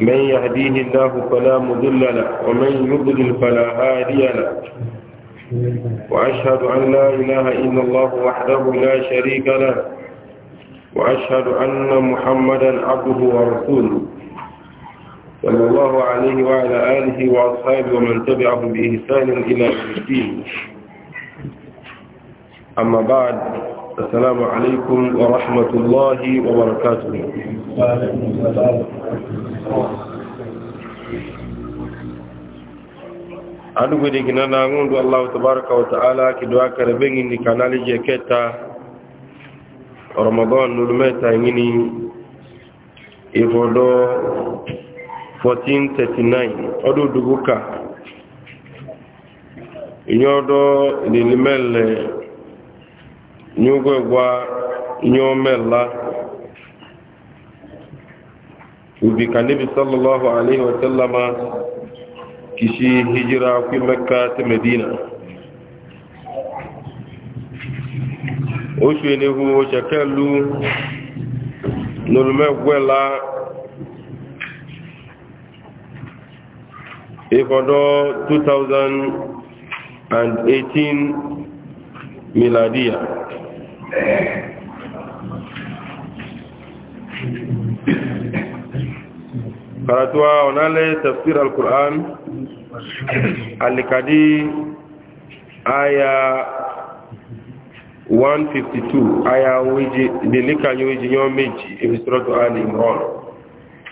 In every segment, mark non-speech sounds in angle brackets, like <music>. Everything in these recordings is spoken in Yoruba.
من يهديه الله فلا مضل له ومن يضلل فلا هادي له وأشهد أن لا إله إلا الله وحده لا شريك له وأشهد أن محمدا عبده ورسوله صلى الله عليه وعلى آله وأصحابه ومن تبعهم بإحسان إلى يوم الدين أما بعد السلام عليكم ورحمة الله وبركاته anu gudi gina na ngundu Allah tabaraka wa ta'ala ki dua kare bengi ni kanali je keta Ramadan nu meta ngini ifodo 1439 odu duguka inyodo ni limele nyugo gwa nyomela ubika nabi sallallahu alaihi wa sallama kishi hijira ku makka ta medina o ṣe ni hu o ṣakẹlu nolumẹgbẹla ifọdọ 2018 miladiya karatuwa onale tafsir al-Qur'an alikadi aya 152 aya wiji dilika wiji nyo meji ibsuratu ali imran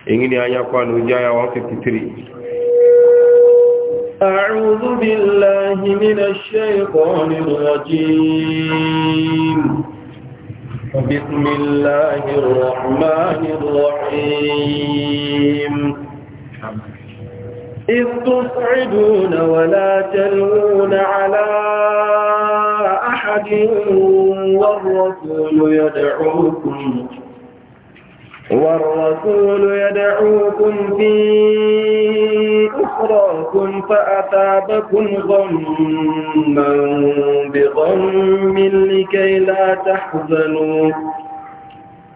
ingini aya kwa nuji aya 153 أعوذ بالله من الشيطان الرجيم بسم الله الرحمن الرحيم إذ تصعدون ولا تلوون على أحد والرسول يدعوكم والرسول يدعوكم في أخراكم فأثابكم غما بغم لكي لا تحزنوا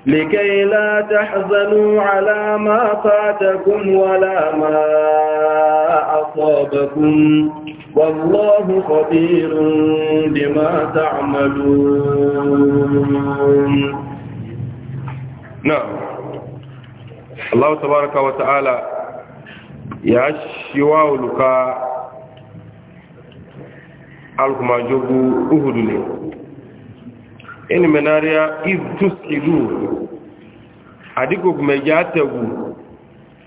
لكي لا تحزنوا على ما فاتكم ولا ما أصابكم والله خبير بما تعملون نعم Allah tabaraka wa ta'ala ya shiwa uluka alkuma jogu uhudu ne in menariya if tusidu adiko kuma ya tagu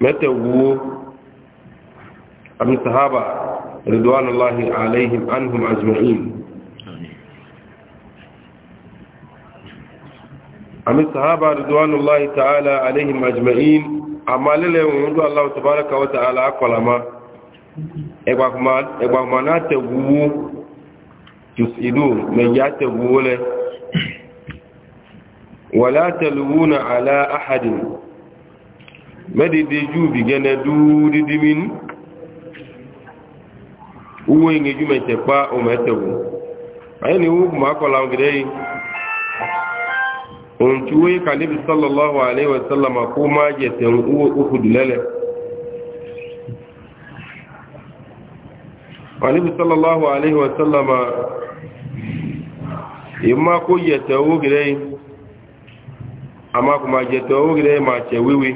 metagu abin sahaba ridwanullahi alaihim anhum ajma'in àmì sàhábà rìdíwánúláì tààlà aléhìm àjìmẹ̀yìn àmàlẹ́lẹ̀ òun tó aláwọ̀ tàbárakà wọ́ta aláàkọ̀lámá ẹgbàkùnmá náà tẹ̀wúwú ìlú mẹ̀yà tẹ̀wúwú lẹ wà látẹ̀lúwú na àlá àhàdìn mẹ́dìdì jù bí gẹ́nẹ̀ dúdídímin uwe ìngẹjú mẹ́tẹ̀pá ọmọ ẹ̀tẹ̀wú ohun tí wọ́n yí kàníbi sallallahu alaihi wasallam kó máa jẹ tẹ̀rù owó òkùdù lẹ́lẹ̀ kàníbi sallallahu alaihi wasallam yìí máa kó yẹ tẹ̀ owó gẹ̀rẹ́ yìí a máa kò máa jẹ tẹ̀ gẹ̀rẹ́ yìí máa tẹ̀ wíwí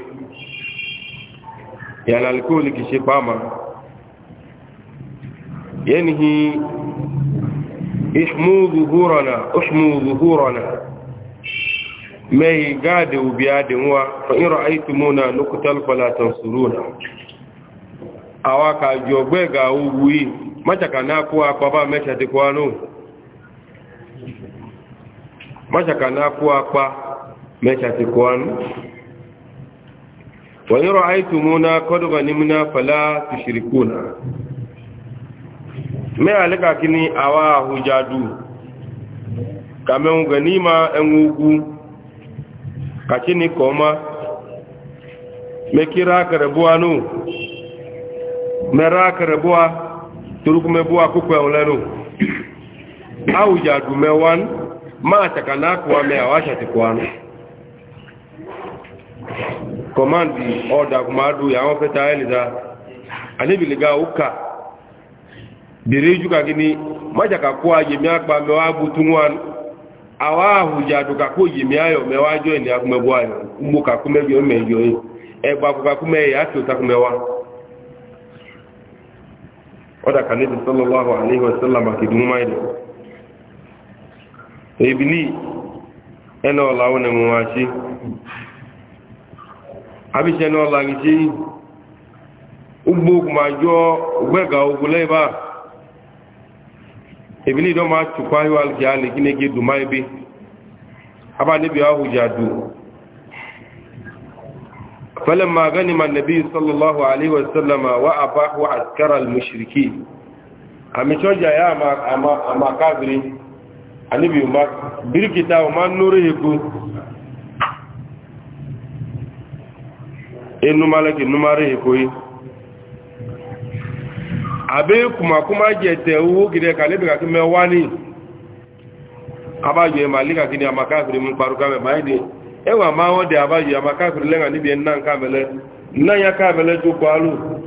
yàrá alkóòlì kì í ṣe pàmà yẹ́nìí ihmú zuhúrọ̀nà mai gada biya dinwa fa in ra'aytu muna nuqtal fala tansuruna awaka jogbe ga uwi macha kana ku akwa mecha ti kwa nu macha kana ku mecha ti kwa nu wa in ra'aytu muna qad ghanimna fala tushrikuna me alika kini awa hujadu kame ganima en ugu kacini koma meki mekira karabua nu me mera karabua turukume bua kukwe ulenu au jadume wan ma takana kuwa me awasha tikwanu komandi order kumadu ya won feta eliza anibi liga uka biriju kagini maja kakuwa jemi akpa mewabu tunwan awa ahụji adụkakwu ji mee ayọ mewa ajọ ili akụmegbu ayọ ugbo kakumebi omeji oyi egbe akwụkakume ya achị ụtakumewa ọdaka nebi sallallahu alaihi wasallam maka idumuma ile ebili ẹnà ọ̀la ọ̀nà mọ̀ wá sí abíṣẹ́ ẹnà ọ̀la gíṣí ugbo ebili dɔ ma tukpa yi wa ja le kine ke duma yi bi aba ne bi ahu ja du fɛlɛ ma gani ma nabi sallallahu alaihi wa sallam wa aba wa askara al-mushriki ami sɔja ya ama ama ama kafiri ani bi ma birikita o ma nori heku e numalaki numare heku yi. abe kumakuma jete uwu gide kale bika kime wani abaju ema lika kini amakafiri mkparu kame maidi ewa mawo de abaju amakafiri lenga nibi enna nkamele nna ya kamele tu kwalu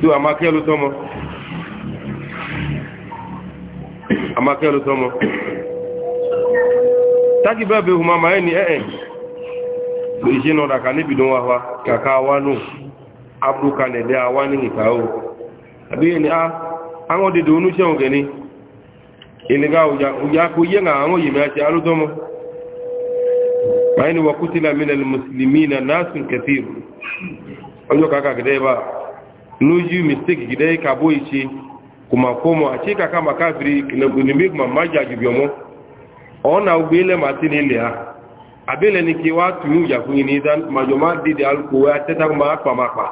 tu amakelu tomo amakelu tomo taki bebe eni eh, eh. àbí ni a ah, àwọn dìdò onú ṣẹ́hùn gẹ̀ ní ìlúgá òyàkó yẹ́nà àwọn yìí mẹ́ta alódọ́mọ́ báyìí ni wọ́n kú sílá mílẹ̀ musulmi na nasun kẹfìrù ọjọ́ kàkà mistake gẹ̀dẹ́ kàbó ìṣe kùmàkómọ̀ àti kàkà makáfìrí ìlẹ̀gbẹ̀lẹ̀mí kùmà májà jùbì ọmọ ọ̀nà ògbé ilẹ̀ màtí ní ilẹ̀ a àbílẹ̀ ni kí wá tùmí ìyàkó yìí ní ìdá màjọ̀má dìde alukó wẹ́ atẹ́tàkùnmá pàmápàá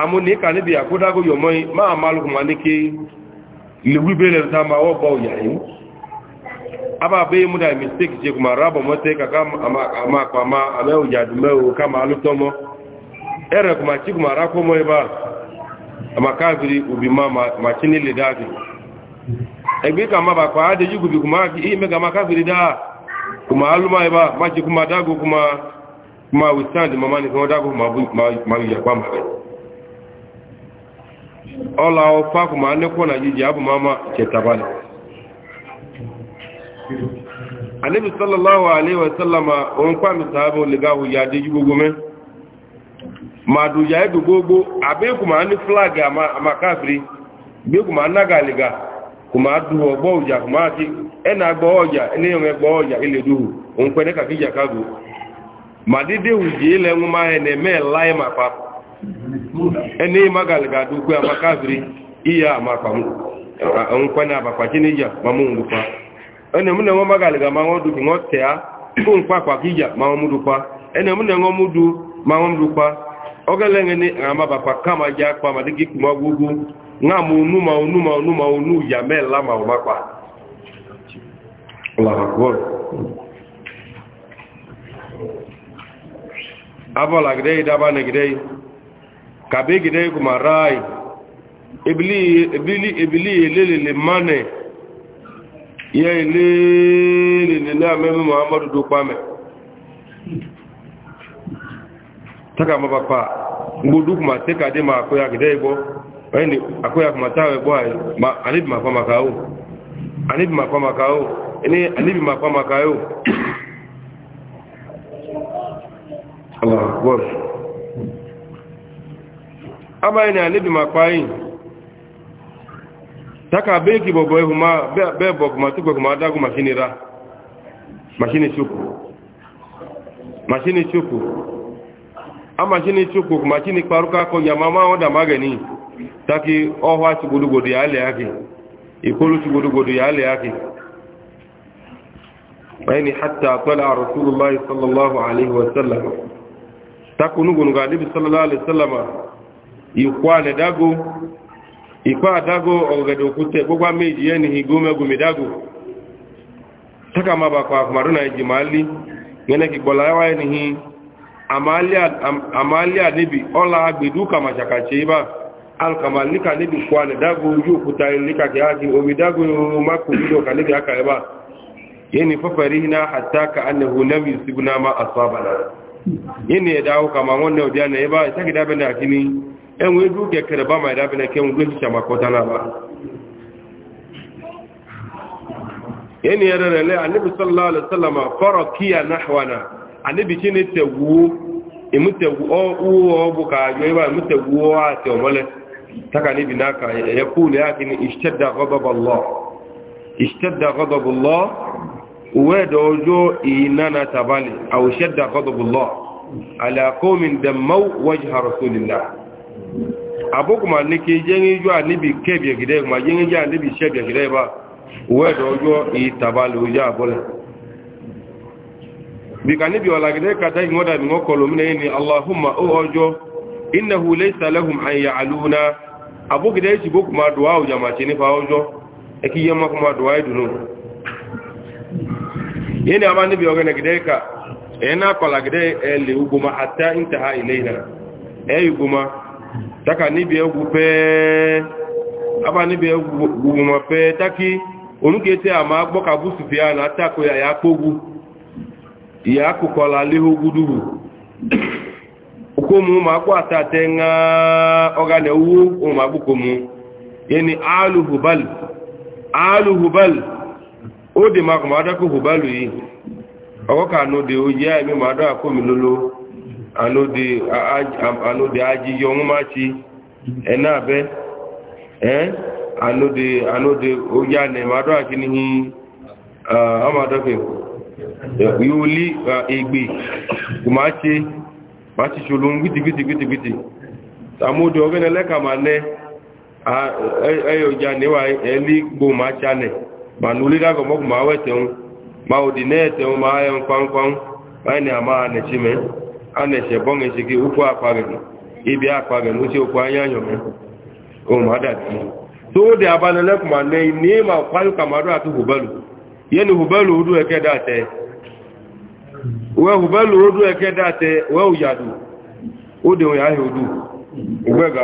amúni kà níbi àkódágó yọmọ́ máa máa lùkùnmà ní kí lùgbíbẹ̀rẹ̀ ta ma wọ́ bọ́ òyà yìí abábẹ́ múdà mistake ṣe kùmà rábọ̀ mọ́tẹ́ kàkà àmàkàmà àmẹ́ òyà dùmẹ́ o ká máa lú ma ẹ̀rẹ̀ kùmà tí kùmà rákó mọ́ ibà àmàkáàkiri òbí máa tí nílé dáàkì ẹgbẹ́ kà máa bà pa áde yìí gùbì kùmà ìyí mẹ́gà máa káàkiri dáà kùmà ọla ọfa kụma anekwu na jiji abụ mama chetabali anabi sallallahu alaihi wasallama ohun kwami sahabu ligahu ya adiji gbogbo me ma duja edu gbogbo abe kuma ni flag ama kafiri gbe kuma anaga liga kuma du ọgbọ ọjà kuma ati ẹna e agbọ ọjà ẹlẹyìn e ẹgbọ ọjà ilẹ e duhu ohun kwẹ ní kàkíjà kago ma dídé ùjì ilẹ̀ ń máa ẹ̀ nẹ̀mẹ́ láì máa papọ̀ ẹni magal ga dukwe ama kafiri iya ma pamu an kwana ba kwaki ni ya ma mun dupa ene mun ngo magal ga ma ngo duki ngo tea ko nkwa kwa kija ma mu dupa ene mun ngo mudu ma mu dupa ogele ngene ama ba kwa kama ja kwa ma diki kuma gugu nga mu nu ma nu ma nu ma nu ya mela ma ma kwa Allah akbar abola gidei daba ne gidei kabe gide kuma rai ibili ibili elelele mane ya elelele amemi muhammadu dukpame taka mabapa ngudu kuma teka de ma akoya gide igbo wani akoya kuma tawe igbo ayi ma anibi makwa maka o anibi makwa maka o ini anibi makwa maka o <coughs> Allah akbar ama ina anibi makwayi taka beki bobo ehuma be bobo matukwe kuma adagu mashini ra mashini chuku mashini chuku ama mashini chuku kuma chini paruka ko ya mama oda magani taki ohwa chugudugudu ya ale yake ikulu chugudugudu ya ale yake bayani hatta tala rasulullah sallallahu alaihi wasallam takunugunuga nabi sallallahu alaihi sallama ikwa ne dago ikwa dago ogado kute gbogbo meji yeni igome gumi dago taka ma ba kwa kumaru na iji mali ngene ki gbola yawa yeni hi amalia am, amalia nibi ola agbedu kama shakache iba alkama lika nibi kwa ne dago uju kuta lika ki haki omi dago maku video ka nibi haka iba yeni fafarihina hatta ka annahu lam yusibna ma asabana yeni ya dawo kama wannan odiya ne ẹ̀wọ̀n edu kẹkẹrẹ bá máa dábìnrin kẹwọn gbé ti sàmà kọta náà bá ẹni ẹ̀rẹ̀ rẹ̀ lẹ́ anibi sallallahu alaihi wasallam fọ́rọ̀ kíyà náhwana anibi tí ni tẹ̀wú ìmútẹ̀wú ọwọ́ ọgbù kààjọ ibà ìmútẹ̀wú àti ọmọlẹ̀ taka níbi náà kà ẹ̀yẹ kú ni ìṣẹ́dà abokuma ne ma jengi jo anibi shebye gide ba we do jo i tabali uja bole bi kanibi wala gide kata ngoda mi ngokolo mine ni allahumma o ojo innahu ji bokuma duwa ma chini fa ojo eki yema kuma duwa idunu yene gide ka ena kola taka níbi ẹgbù pẹ́ abá níbi ẹgbù mọ̀ pẹ́ tákí onúkété àmà ya ya náà tako ìyà kógu ìyà kòkọlà léhógúdúrù ma kó àtàtẹ ńlá ọ̀gánà owó ohun àgbókomu yẹni aluhubal aluhubal ó dè ó máa anode ajijọ nwụmachi enabe ee anode anode oye a na-eme adọ aki n'ihi amadoke yuli egbe kumachi machichulu gbitigbitigbitigbiti amode ogenele ka ma ne eyoja e, e, e niwa eli gbo macha ne ma nuli dagomogwu ma wetenwu ma odi na etenwu ma ayan kwankwan ma ni ama anechime a na-eche bọ na gị ụkwụ akpa gị ịbịa akpa gị n'uche ụkwụ anya anyụrụ ụmụadati dị abalị ma na ní ma pàlú kàmàrú àti hubelu ihe hùbẹ́lù hubelu dúró ẹkẹ́ dáàtẹ́ wẹ́ hùbẹ́lù ó o ẹkẹ́ dáàtẹ́ wẹ́ òyàdù ó dẹ̀ òyà ìhòdù ìgbẹ́gà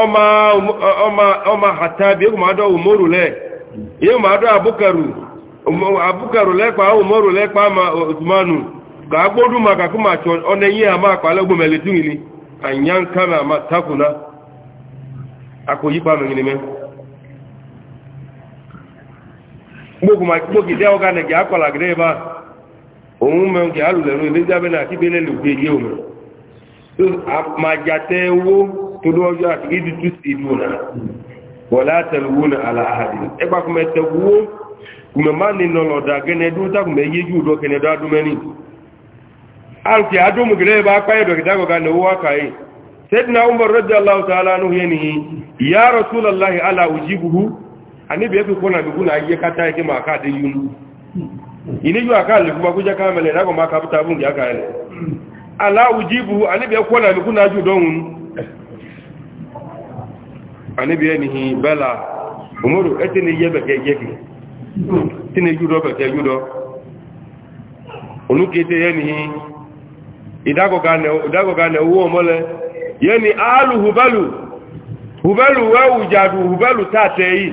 ọma ọma ọma hatabi egwu ma dọ umoru le ihe ma dọ abukaru abukaru lekpa umoru lekpa ma osmanu ka agbodu maka kuma chọ ọna ihe mele tunili na ma takuna akoyikpa mi nime gbogbo ma gbogbo ide ọga na gị akwala gị ebe a nke alụlere elizabeth na akibele na majate wo to do yo ati idu tusiduna wala talwuna ala ahadin e ba kuma te wo kuma mani no lo da gene du ta kuma yeju do kene da du meni al ki adu mu gele ba pa do kidago ga no wa kai sayyidina umar radiyallahu ta'ala anhu yani ya rasulullahi ala ujibuhu ani be ko na bi kuna ye kata ke ma ka de yun ini yo aka le ku ba ku ja ka mele na ko ma ka buta bun ya ka ele ala ujibu anibi ekwona miku na ju donun anibi enihi yebe gejeki tini judo beke judo onuke te yenihi idago gane idago gane uwo ni yeni alu hubalu hubalu wa ujadu hubalu tatei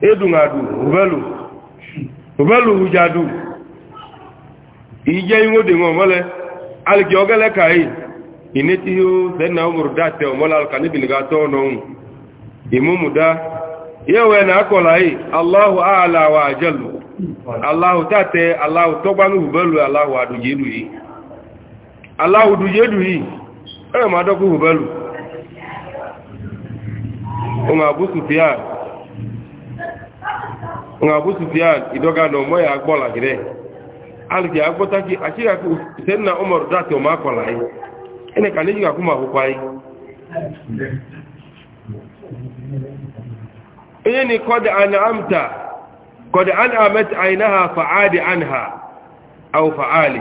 edungadu hubalu hubalu ujadu ije inwode ngomole alìkì ọgẹ́lẹ́ kàí iné tí ó sẹ́nà ọmọrù dáṣẹ ọmọlá alkanibìnigá tọ́ọ̀nà ìmúmùdá yẹ́wẹ̀ na akọ̀lá aláhù ààlàwà àjẹ́lù aláhù tàtẹ aláhù tọ́gbánúhù alìkì agbọ́tàkì àṣíkàkù sẹ́nà ọmọrù dáti ọmọ akọ̀lá yìí ẹni kà ní ìgbàkú ma púpá yìí inye ni kọ́dà an'amta kọ́dà an'amat ainiha fa'adi anha au fa'ali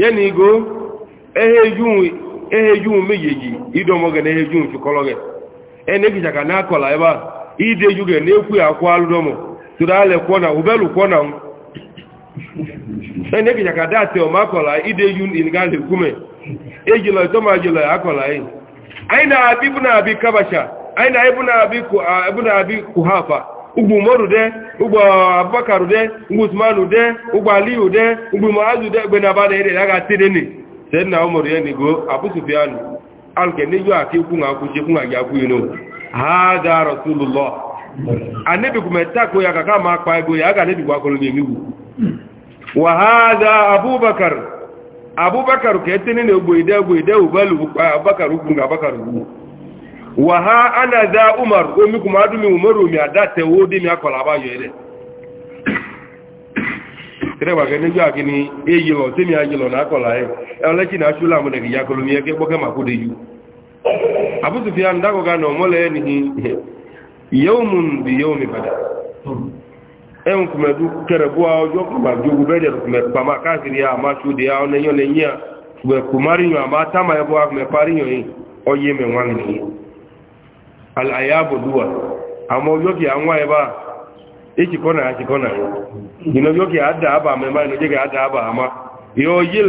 yẹni igo ehejun meyeyi idomogẹ na ehejun chukọlọgẹ ẹni kìsàkà ní akọ̀lá ẹbá ìdíjú rẹ̀ ní ekwu àkwọ́ alúdọ́mọ̀ tó dá alẹ́kwọ́ na òbẹ́lù kwọ́ na ẹkẹ jàkàdá àti ọmọ akọ̀lá ìdè ekume ìnìkàlẹ̀ e kúmẹ̀ ejìlọ ìtọ́mọ̀ e ajìlọ akọ̀lá yìí e. anyị na-abị bụ na-abị kabasha anyị na-ebu na-abị na-abị kuhafa ugbu de ugbu abubakar de de aliyu de de na-aba na ere agha tiri ni sị ya abusufianu alụke aka ikwu na akwụ na akwụ ha ya ka akpa ego ya a ga wahada abubakar abubakar ka etini na egboide egboide ubalu abubakar ugwu ga abubakar wa waha ana za umar omi kuma adumi umaru mi ada tewo di mi akola abayo ere tẹ́rẹ̀wà gẹ́ níjọ́ àkíní èyílọ̀ tí na àjílọ̀ náà kọ̀lá ẹ̀ ẹ̀ọ́lẹ́kì náà ṣúlá àmúnẹ̀ kìí yakọlù mi ẹgbẹ́ gbọ́kẹ́ màkúdé yìí àbúsùfíà ń dákọ̀ọ́gá náà mọ́lẹ̀ ẹ̀ nìyí yẹ́ùmùn bada. ẹ̀hùn kùmẹ̀dú kẹrẹ̀bú ọjọ́ kùmàjógún bẹ́ẹ̀dẹ̀ kùmẹ̀kùmà káàkiri àmá ṣòdè àwọn ẹyọ́ lẹ́yìn àwọn ẹbá ìkìkọ́nà àkìkọ́nà yìí ọjọ́ kì àdàábà mẹ́má ìnàjẹ́ kì àdàábà àmá ìyọ́ ọyẹ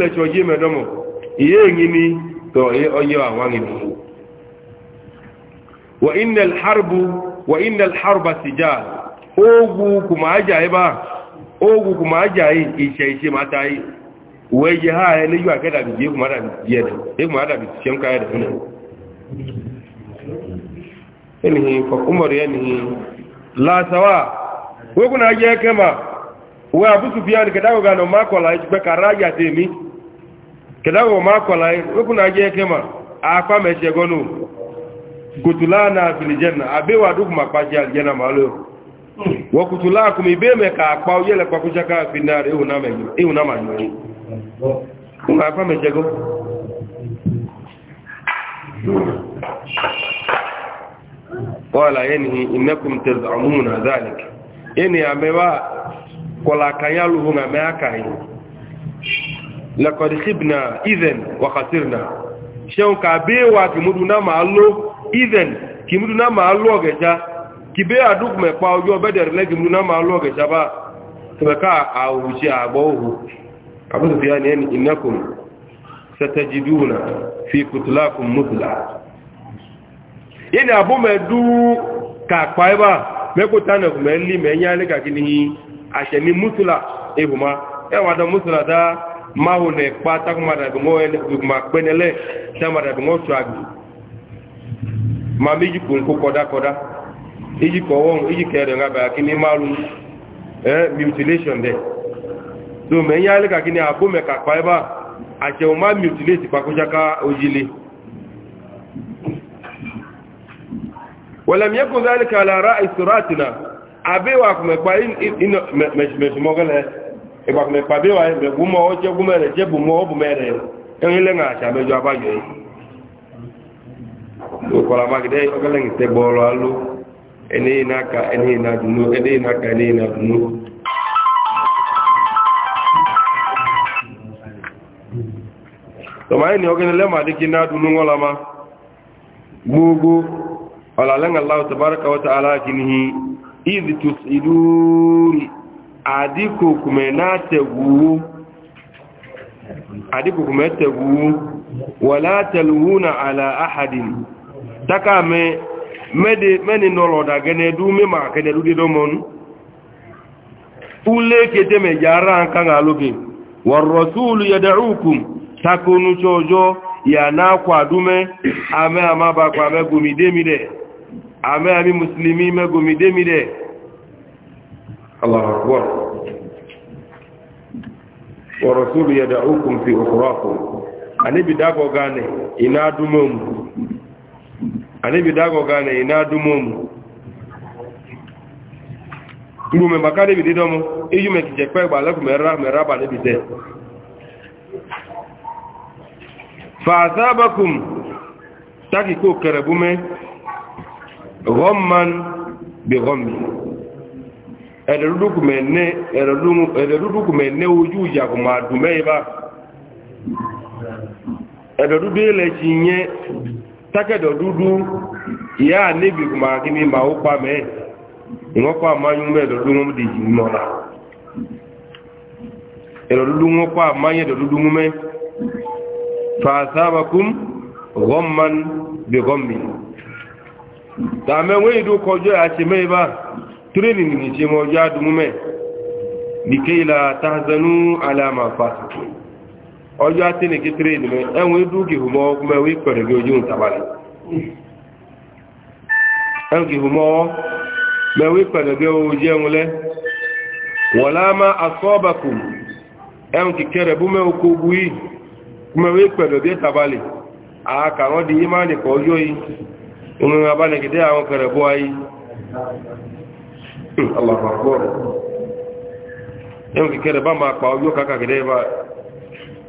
lẹ́tọ́ ogwu ukwu ma aja ebe a ogwu ukwu ma aja iche iche ma ta yi uwe je ha ele yu ake dabi je kuma dabi je de e kuma dabi che nka ya de ne enihi fa umar ya ni la sawa we kuna je kema uwe abu sufyan ke dawo ga no ma ya la ibe karaja de mi ke dawo ma ko la we kuna je kema afa me se gonu kutulana fil janna abewa duk ma pa je wakutulakum ibeme ka pa oyele kwa kuchaka binari ewu na meyo ewu na mayo nga pa mejego wala yani innakum taz'umuna dhalik yani amewa kola kanyalu hunga meaka yi laqad khibna idhan wa khasirna shau kibe a duk mai kwa ojo bedar lagi nuna ma lo ga shaba to ka a wuce a abu da yani yan innakum satajiduna fi kutlakum mutla yin abu mai du ka me ko tana ku mai li mai ni mutla e buma e wa da mutla da ma ho ne pa ta kuma da ngo e ma ma da ngo swabi ma mi ji koda koda iji kọwọ iji kẹrẹ nga bàa kini maalum ẹ mutilation de so me nyẹ alẹ ka kini abo mẹ kakpa ẹ ba àtsẹwò ma mutilate kpakotsaka ojile wọlẹmi ẹkọ zali kala ra ìsòràtìna abe wa kọmẹkpa inọ mẹsùmọ gẹlẹ ìgbà kọmẹkpa be wa mẹ gbọmọ ẹni ìnáka ẹni ìnàdùnú ẹni ìnáka ẹni ìnàdùnú tọ̀máyé ni ọgẹ́ni lẹ́mà díkí nádùnú wọ́n lama gbogbo ọ̀làlẹ́n aláwọ̀ tàbárakà wata aláàkínihì ìdìtùs ìdúrí àdíkòkùnmẹ̀ tẹ̀gúwó wà látẹ̀lúwúnà àlà áhàdìn takáàmẹ́ mede meni noloda gene du me ma kene du dido mon ule kete me jara kan aloge war rasul yad'ukum takunu chojo ya na kwa ame ama ba kwa me ame ami muslimi me gumi de mi de Allahu akbar wa rasul yad'ukum fi ukhrakum ina dume anibi dago gane ina dumomu duru me bakare bidi domo eyu me kije pe gba lagu mera mera ba ne bide fa azabakum taki ko kerebume ghamman bi ghammi erudukume ne erudumu erudukume ne oju ya ko ma dume tákẹ̀dọ̀ dúdú ìyá ànébì kùmà kí ni màá ó pa mẹ́ ìwọ́n pa àmáyún mẹ́ẹ̀dọ̀ dúdú wọn dèjì mọ́ la ẹ̀rọ dúdú wọn pa àmáyẹ̀dọ̀ dúdú mẹ́ fàṣàbàkùn gọ́mman bẹ̀ gọ́mmi tàmẹ́wé ìdó kọjọ́ àṣemẹ́ ibà tírénì nìṣẹ́ mọ́ ọjọ́ àdúmú mẹ́ nìkéyìlá tàzánú alámà fásitì ọjọ́ àti ní kékeré ìdìmẹ́ ẹ̀wọ̀n idú kìhùmọ́ ọkùnmẹ́ wí pẹ̀rẹ̀ bí ojú ìtàbálẹ̀ ẹ̀wọ̀n kìhùmọ́ mẹ́wí pẹ̀rẹ̀ bí ojú ẹ̀wọ̀n lẹ́ wọ̀ láàmà asọ́ọ̀bàkù ẹ̀wọ̀n kìkẹrẹ̀ bú mẹ́wọ́ kó bu yìí kùmẹ́ wí pẹ̀rẹ̀ bí ìtàbálẹ̀ àkàrọ̀ di ọjọ́ yìí bá máa pa ọjọ́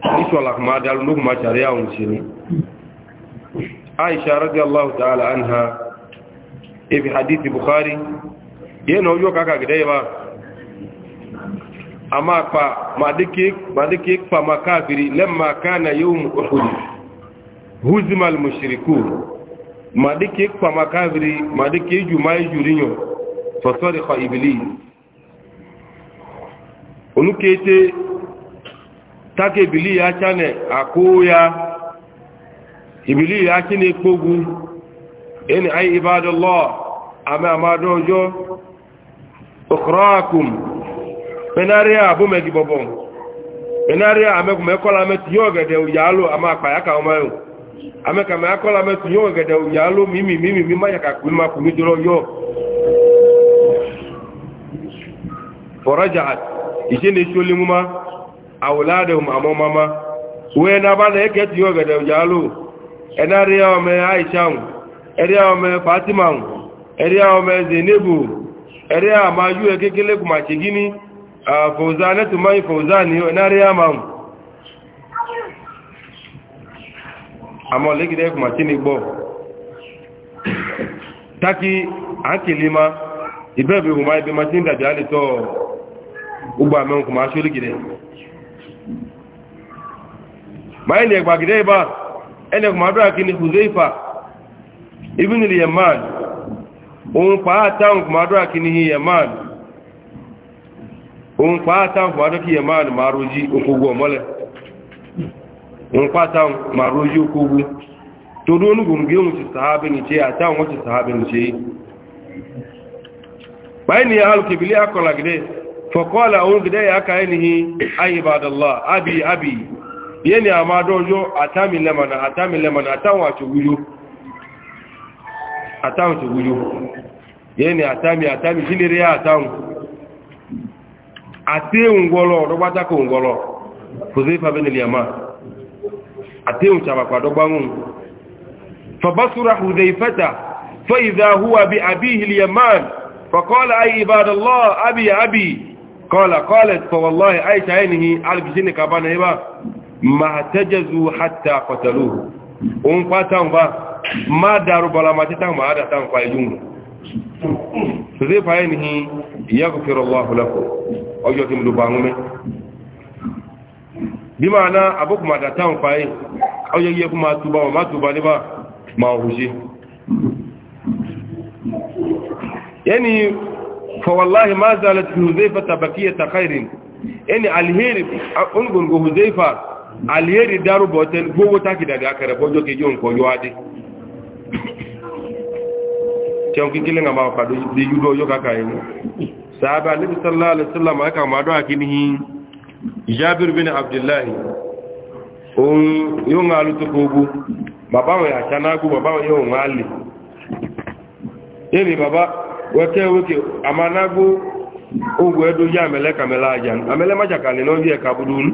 níṣọ́lá kùmá dálú ló kùmá ṣàrí àwọn òṣèlú aisha radiyallahu ta'ala anha ibi hadithi bukhari yana oyo kaka gidai ba amma fa madike fa makafiri lamma kana yawm uhud huzima al mushrikun madike fa makafiri madike jumai jurinyo fa take ibili ya chane akoo ya ibili ya chine kpogu yani ay ibadallah ama amadojo ukhrakum penaria abumegi bobon penaria amekume kola meti yogede yalo ama pa yaka omayo ameka me akola meti yogede yalo mimi mimi mima yaka kulima kumidoro yo فرجعت يجيني شو اللي مما awuladum amomama we na ba na eke ti ogede jalo enari ome aisha eri ome fatima eri ome zinebu eri ama yu ekekele kuma chigini fozane tu mai fozani enari ama amo legide kuma chini gbo taki akilima ibebe kuma ibe matinda jali to ugba men kuma shurigide ma ẹni ẹgbàgidẹ́ ibá ẹni ẹgbàmọ́dúrà kí ni huzaifa ibn al-yaman òun pàátà ọkùnmọ́dúrà kí ni yaman òun pàátà kí yaman ma rojí okogbo ọmọlẹ̀ òun pàátà ma rojí okogbo tó dún onígbòmùgbé òun ti sàábẹ̀ ní ṣe àtàwọn wọ́n ti sàábẹ̀ ní ya báyìí ni alùkèbílẹ̀ akọ̀làgidẹ́ fọ̀kọ́lá òun gidẹ́ yà á ka ẹni ayébàdàlá yẹni àmàdọ́jọ́ àtàmìlẹ́mọ̀nà àtàmìlẹ́mọ̀nà àtàwọn àtòwúyó àtàwọn àtòwúyó yẹni àtàmì àtàmì sílẹ̀rẹ́ àtàwọn àti òǹgọ́lọ̀ ọ̀dọ́gbátákò òǹgọ́lọ̀ fòsí fàbẹ́nìlẹ̀mà àti òǹtsàbàpàdọ́gbáhùn fàbásúra hùdẹ ìfẹ́ta fẹ́ìdá húwa bí àbí ìhìlẹ̀mán fọ̀kọ́lá ayé ìbádọ́lọ́ àbí àbí kọ́lá kọ́lẹ̀ fọwọ́lọ́ ma tajazu hatta qataluhu on fatan ba ma daru bala ma ta ma ada tan fa yun so zai fayin hi yaghfiru Allah lakum ojo tim du bangume bi mana abu kuma da tan fa yi ojo ye kuma tuba ma tuba alheri darúbọ̀ tẹ́lú gbówó tákìdàgà kẹrẹ bọ́jọ́ kejì òǹkọ̀ yóò adé tẹ́un kí kílẹ̀ àmà ọ̀pàdó lè yúdó ọjọ́ kàkà inú sàábà níbi sallá alẹ́sallama jabir bin abdullahi ohun yóò ń alu tó kogbo bàbá wọn àṣà náà kú bàbá wọn yóò ń alè èmi bàbá wẹ́kẹ́ wẹ́kẹ́ àmà náà gbó ogun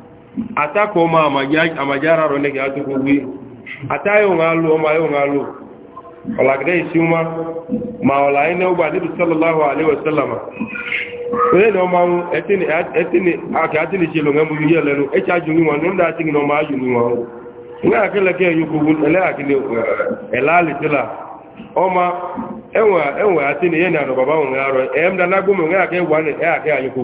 atako ma amajara ro nege atuko wi atayo ngalu ma yo ngalu ola gre isuma ma ola ine uba nabi sallallahu alaihi wasallama we no ma etini etini aka atini chilo ngamu yele no echa jungi wa nda tingi no ma jungi wa nga akele ke yuko gun ele akini elali tila oma enwe enwe atini yena no baba ngaro emda nagumo nga ke gwane e ake ayuko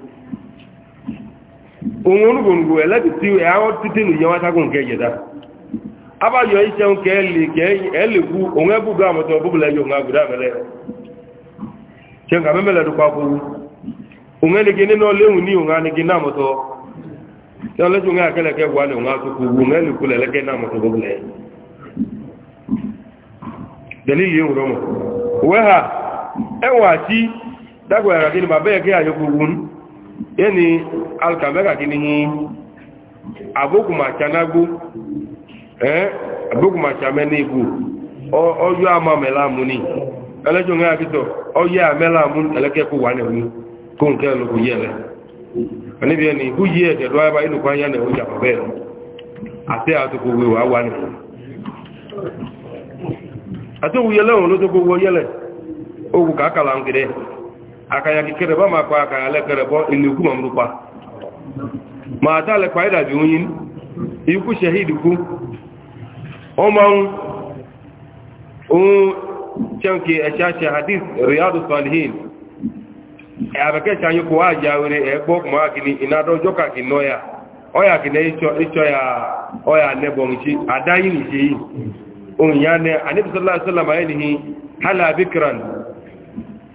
onwurugongo elebiti iwe ahụ tite na inyewa achakwụ nke jeda abayọ iche nke elekwu onwe bugo amụta ọbụbụla onwe agụrụ amele chenka memele dụkwa kwụwu onwe onwe anyị na amụta ya oleji onwe na onwe atụkwu ugwu onwe elekwula eleke yẹni alkabeka kini hi abokumatsanago ẹ abokumatsamẹnigu ọyọ amamẹlamuni ẹlẹjọ ŋa akitọ ọyọ amẹlamuni ẹlẹkẹ wà nẹwuni kó nkẹ lóko yẹ lẹ anibi yẹni kó yi ẹkẹ do ayaba inú kó anya nẹwó dza àti àtòkòwé wà wà nẹwó àtòwò yẹlẹ kàkàlà ń akaya kekere ba ma kwa akaya lekere bo ile ikwu ma mrukwa ma ata lekwa idabi onye ikwu shahidi kwu ọmanwụ ohun chenke ẹ̀ṣàṣẹ hadith riyadu salihin àbẹ̀kẹ́ṣà yìí kò wá yàwèrè ịchọ ya ọyà nẹ́bọ̀n ṣe àdáyìn ìṣe yìí ohun yà ní àníbìsọ́lá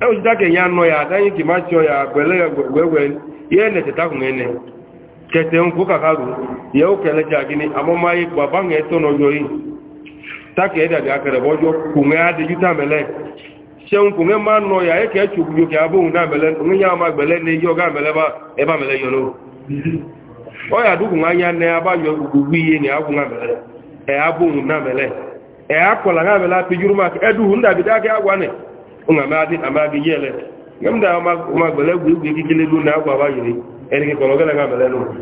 e ka enye anụ ya adanye ma ya agbele ya gwegwe ihe na-echeta ahụ ene kete nkwụ ka ha ya okelecha gịnị amụmaghị gbaba nwee eto n'ọjọ iyi taka ede dị ta mele ń kwunwe ma nọ ya eke eche ogbugbo na mele onye ya ama gbele na ihe ọga mele ebe a ya ihe na maka nga amadi amadi yele ngam ma lu na agba wa yiri eni ko logele nga mele lu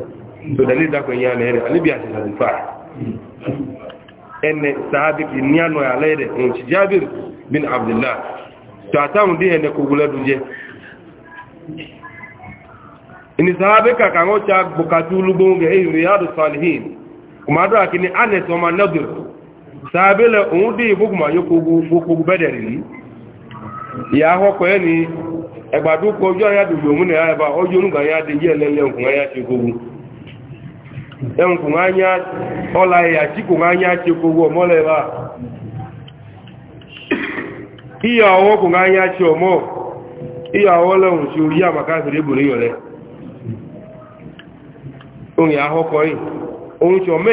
to dalil da ko ya ne re ani biya ta sahabi ki nyano ya lede en jabir bin abdullah to atamu di ene ko ka kan o bukatu e riyadu salihin kuma do akini anes di ya ahụkọ ya ẹgbàdúkọ ẹgbàdú na ojú ọ̀yá dùgbò mú nà ẹ̀bà ojú onúgbà ya dé yí ẹlẹ́lẹ́ nkùn ya ṣe gbogbo ẹnkùn anya ṣe iya ọwọ́ ṣe ọmọ iya ọwọ́ lẹ́hùn ya ahụkọ ohun ṣe ọmọ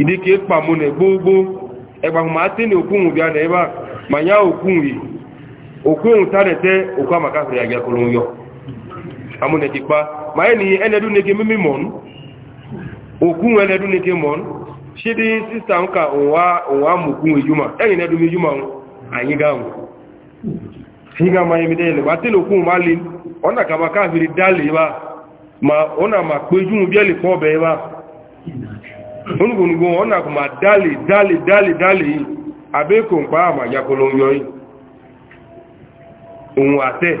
idike kpa mụ na gboo gboo egbamatị na okwu bịa na ebe a ma nya okwu ta na-ete okwu amaka hụrụ ya gị akụrụ yọ amụnekikpa ma anyị na ihe eneduneke mmemme mọn okwu nwe eneduneke mọn chidi sista m ka ụwa ụwa mụkwu ejuma enyi na-edume edu ejuma anyị ga-anwụ anyị ga-amaghị mede ele gbatị na okwu mali ọ na-akaba kahiri dali ebe a ma ọ na-ama kpeju bịa lekwa ọba ebe a onugonugo ọ̀nà kò máa dálè dálè dálè dálè yìí àbẹ́kò ń pa àmà ìyàkọlọ ń yọ òun àtẹ́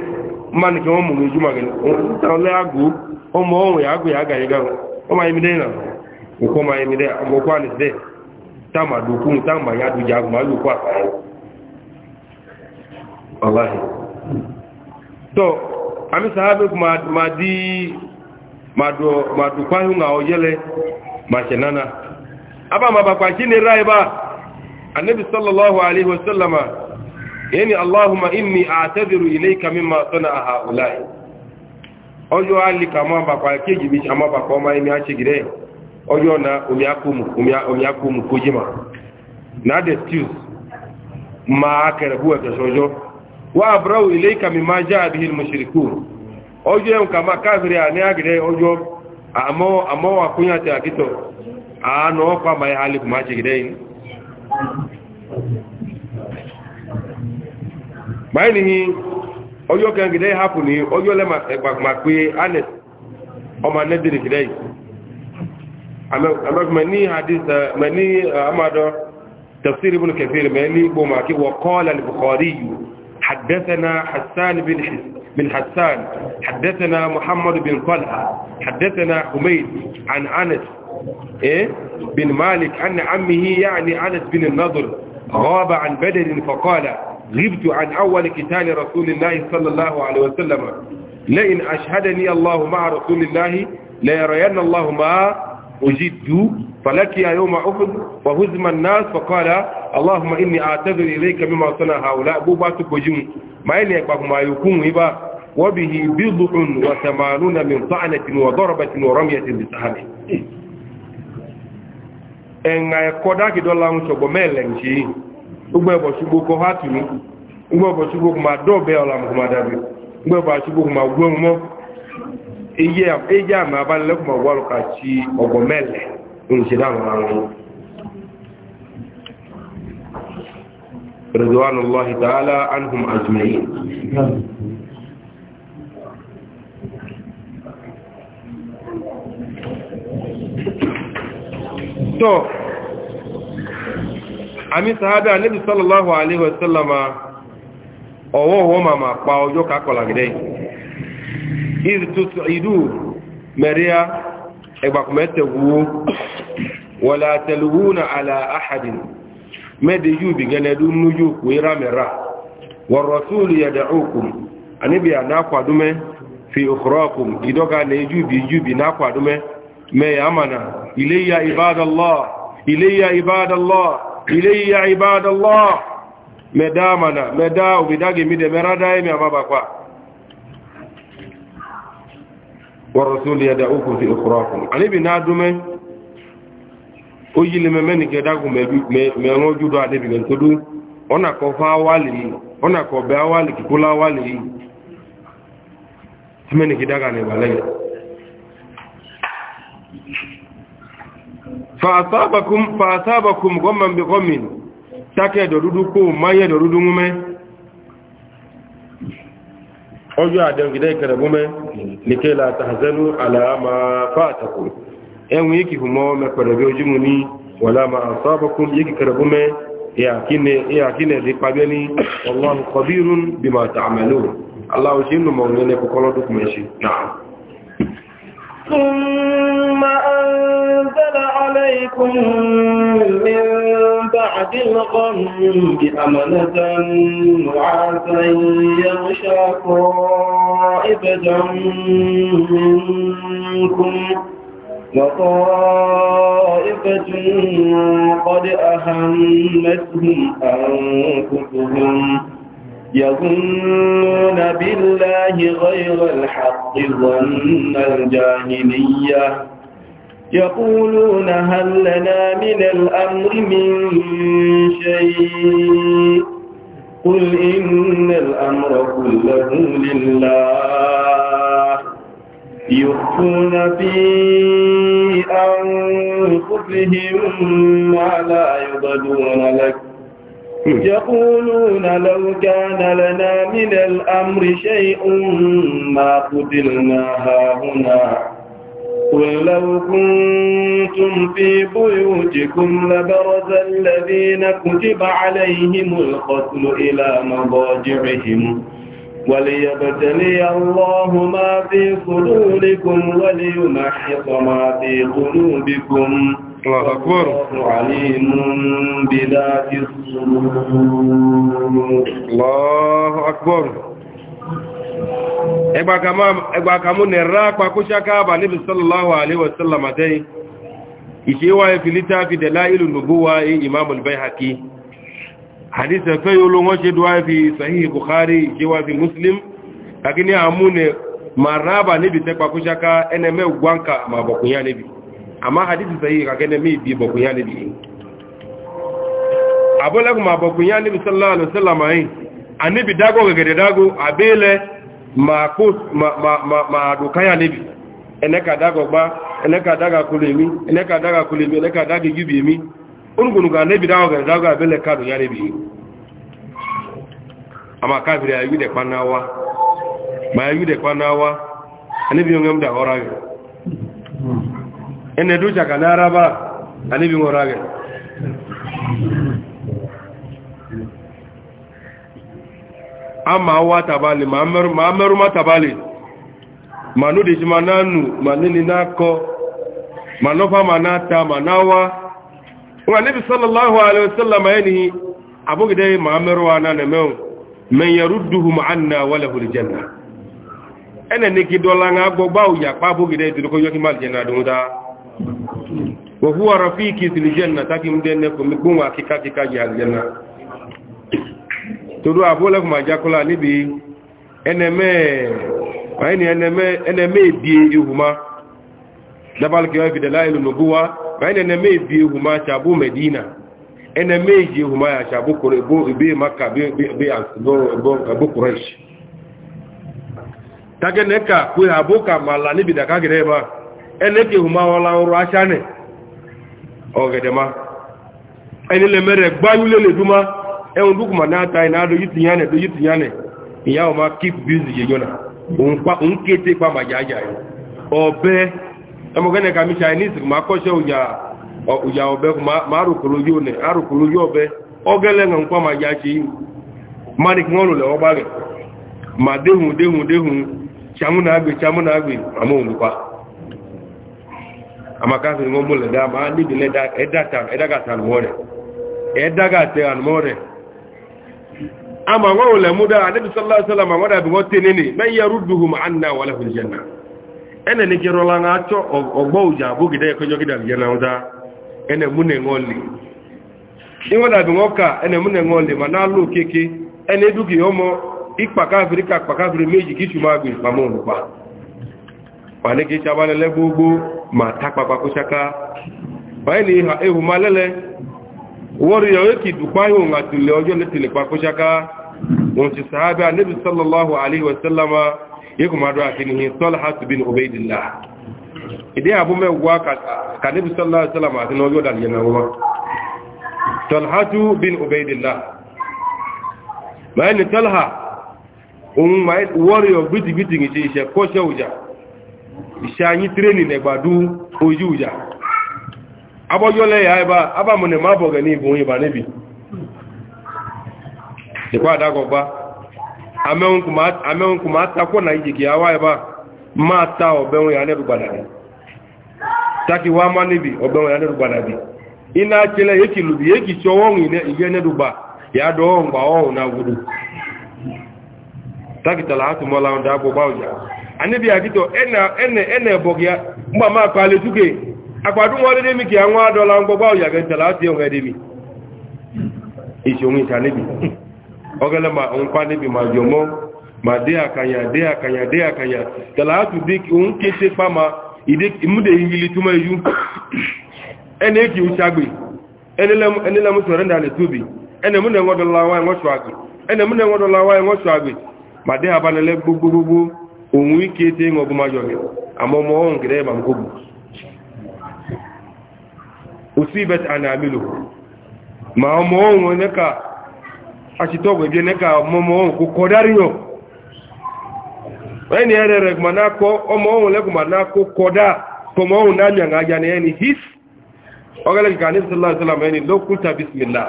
máa nìkan mọ̀ ní ojúmọ̀ gẹ̀ẹ́ òun tàn lẹ́àgó ọmọ ọ̀hún yàgò makinana aba ma bakwa kini rai ba annabi sallallahu alaihi wasallama yani allahumma inni a'tadiru ilayka mimma sana'a haula'i ojo alika ma bakwa keji bi ama bakwa ma imi achi gire ojo na omi akumu omi omi akumu kojima na the excuse ma akere buwa ke sojo wa abrau ilayka mimma ja'a bihi al-mushrikun ojo en kama kafiri ani agire ojo àmọ́ àmọ́ wà kúnyà tí àkítọ̀ àánà ọkọ̀ àmà ìhà lè kùmá ṣe gidẹ́ yìí báyìí ni ọjọ́ kan gidẹ́ hapù ní ọjọ́ lẹ́mà ẹgbàgbà pé anet ọmọ anẹ́dìrì gidẹ́ yìí àmẹ́gbẹ̀ ní hadith mẹ́ ní àmàdọ́ tafsir ibn kafir mẹ́ ní gbọmọ̀ بن حسان حدثنا محمد بن طلحة حدثنا حميد عن أنس إيه؟ بن مالك أن عمه يعني أنس بن النضر غاب عن بدر فقال غبت عن أول قتال رسول الله صلى الله عليه وسلم لئن أشهدني الله مع رسول الله ليرين الله ما أجد فلقي يوم أحد وهزم الناس فقال اللهم إني أعتذر إليك بما صنع هؤلاء بوباتك وجم ما إني أكبرهم يكون إبا وبه بضع وثمانون من طعنة وضربة ورمية بسهم ẹ̀nà ẹ̀kọ́ ma dọ́ọ̀bẹ́ ọ̀làmùkùnmá dábí gbogbo ma iye انشدام عنهم رضوان الله تعالى عنهم أجمعين to àmì sàábẹ́ àníbi sọ́lọ́láhùn àléhù ẹ̀sọ́lọ́mà ọwọ́ ọwọ́ màmà pa ọjọ́ kakọ̀lá gẹ́dẹ́ ìdú mẹ́ríà ẹgbàkùnmẹ́tẹ̀wó wọ́la tẹ̀lúwúnà àlà àhàdìn mẹ́dẹ̀ yóò bí gẹ́nẹ̀dú nújú pé rámẹ̀rá wọ̀rọ̀súlù yẹ̀dẹ̀ òkùn àníbì ànákwàdúmẹ́ fi òkúrọ̀kùn ìdọ́gà ní júbì júbì nákwàdúmẹ́ mẹ́yà àmànà iléyà ìbádọ́lọ́ iléyà ìbádọ́lọ́ iléyà ìbádọ́lọ́ mẹ́dá àmànà mẹ́dá òbídágèmídẹ̀ mẹ́rá dáẹ́mì àmàbàkwà warasuli ya da'ukum fi ukhrakum ani bi na dume o yile me meni geda gu me me me ngo judo ade bi gan todu ona ko fa wali ona ko be wali ki kula wali meni geda ga ne balai fa asabakum fa asabakum gomman bi gommin take do dudu ko maye do dudu ngume ọjọ́ àdẹ̀gidẹ́ ìkẹrẹ̀gúnmẹ́ ní kí la tàhazẹ́lú àlàámà fàtàkù ẹ̀wùn yìí kì fún mọ́ mẹ́pẹ̀rẹ̀ bí ojú mú ní wàlámà àṣọ́bọ̀kún yìí kì kẹrẹ̀gúnmẹ́ ìyàkínẹ̀ lè pàbẹ́ ní ọlọ́run kọbírún bí ma tààmẹ́lú aláwọ̀ sí inú ثم أنزل عليكم من بعد الغم أمنة نعاسا يغشى طائبة منكم وطائفة قد أهمتهم أنفسهم يظنون بالله غير الحق ظن الجاهلية يقولون هل لنا من الأمر من شيء قل إن الأمر كله لله يخفون في أنفسهم ما لا يبدون لك إيه. يقولون لو كان لنا من الأمر شيء ما قتلنا هاهنا قل لو كنتم في بيوتكم لبرز الذين كتب عليهم القتل إلى مضاجعهم وليبتلي الله ما في صدوركم وليمحص ما في قلوبكم الله أكبر عليم بذات الصدور الله أكبر ẹgbà kàmú ní rápa kó ṣákàbà níbi sallallahu alaihi wasallam àtẹ́yìn ìṣẹ́wà ìfìlítà fi dẹ̀lá ìlú lùgbówà ìmáàmù al-Bayhaqi hadisa fẹ́ yóò ló wọ́n ṣe duwa fi sahihi bukhari ìṣẹ́wà fi muslim kàkí ní àmú ní maraba níbi tẹ́pàkúṣáká ẹnẹ́mẹ́ gbáǹkà àmàbọ̀kúnyà níbi amma hadisi sahihi ka gane mai bi bakun ya nabi abola kuma bakun ya nabi sallallahu alaihi wasallam ai annabi dago ga gade dago abele ma ko ma ma ma doka ya nabi eneka dago ba eneka daga kulemi eneka daga kulemi eneka daga gibi mi ungunu ga nabi dago ga dago abele ka do ya nabi amma kafiri ayu de kwanawa ma ayu de kwanawa annabi yongam da horayo ene duja kana raba anibi ngorage ama wa tabali mameru mameru matabali manu de mananu manini nako manofa manata manawa wa nabi sallallahu alaihi wasallam yani abugide mameru wana ne mew men yarudduhum anna wa lahu aljanna ene niki dola nga gbogba uya pa abugide duko yoki mal janna dunda wa huwa rafiki fil janna taki mdenne ko mi gun akika kika ji aljanna to do ko ma jakola ni bi eneme wa ni eneme eneme bi ihu dabal ki wa dalail nubuwa wa ni eneme bi chabu medina eneme ji ihuma ya chabu kụrụ bi makka bi bi bo quraish ku abuka mala eneke ọrụ ụrụ achane ọgedema ẹni lè mẹ́rẹ̀ gbáyúlé lè dúmá ẹun dúkùmà náà ta iná dojú ti yánẹ̀ dojú ti yánẹ̀ ìyá ma e keep busy yẹ yọ́nà na kéte pa màjá àjà yìí ọ̀bẹ́ ẹmọ̀gẹ́nẹ̀ kàmí chinese kò ma kọ́ṣẹ́ òjà ọ̀bẹ́ kò máa rùkúrú yóò nẹ̀ arùkúrú yóò ọ̀bẹ́ ọgẹ́lẹ̀ ń pa màjá ṣe yìí má ní kí wọ́n lòlẹ̀ ọba rẹ̀ mà déhùn déhùn déhùn ṣàmúnà àgbè ṣàmúnà àgbè amakafi ngo mule da ma ni dile da edata edaga tan more edaga te an more ama ngo le muda nabi sallallahu alaihi wasallam ngoda bi wote nini man yarudduhum anna wa lahu aljanna ene ni jero la nga cho ogbo uja bu gide ko jogi dal janna uda ene mune ngoli ingo da bi ka ene mune ngoli mana lu ene ikpa ka kafiri meji wane ka gbogbo ma takpakpakụchaka anyị ihu malele wọrịa oye ka idukwa ya ụnwa tule ọjọọ letile kpakụchaka nwụchi sahabi anabi sallallahu alaihi wasallama ihu madu bin ide ka sallallahu alaihi wasallama atin ọjọọ da aljanna goma talhat bin ubaidillah ise anyị treni na-egbadu oji ya ebe aba m na-eme abụ ọganihu ibu ba nebi dịkwa adagọgba ma na ije gị awa ebe ma ata ọbenwe ya nerugbadabi takiwa ma nebi ọbenwe ya ị na ya echichi ya mgba ndị ụja anibi akito ena ene ene bogia a ma pale tuke akwadu ngore demi ki anwa dola ngogba o yaga tala ti o ngedemi isi ongi ga ogele ma onpa nibi ma jomo ma de akanya de akanya de akanya tala un ide de yili tuma yu ene ki uchagbe ene ene so renda le tubi ene mu ne ngodola wa ngoswagi ene mu ne ngodola wa ma de òun ike tí ń ọgbọ́n máa yọ̀gẹ̀ àmọ́ ọmọ ọ̀hún gẹ̀rẹ́ ìmà gbogbo òsì ìbẹ̀tì àná àmìlò ma ọmọ ọ̀hún nẹ́ka aṣìtọ́gbẹ̀ bí nẹ́ka ọmọ ọ̀hún kò kọ́ dáríyàn ẹni ẹ̀rẹ̀ rẹ̀ ma kọ́ ọmọ ọ̀hún lẹ́kùn náà kó kọ́dá tọmọ his ọgẹ́lẹ́ kìkà ní sọ́lọ́sọ́lọ́mọ ẹni lókùtà bisimilá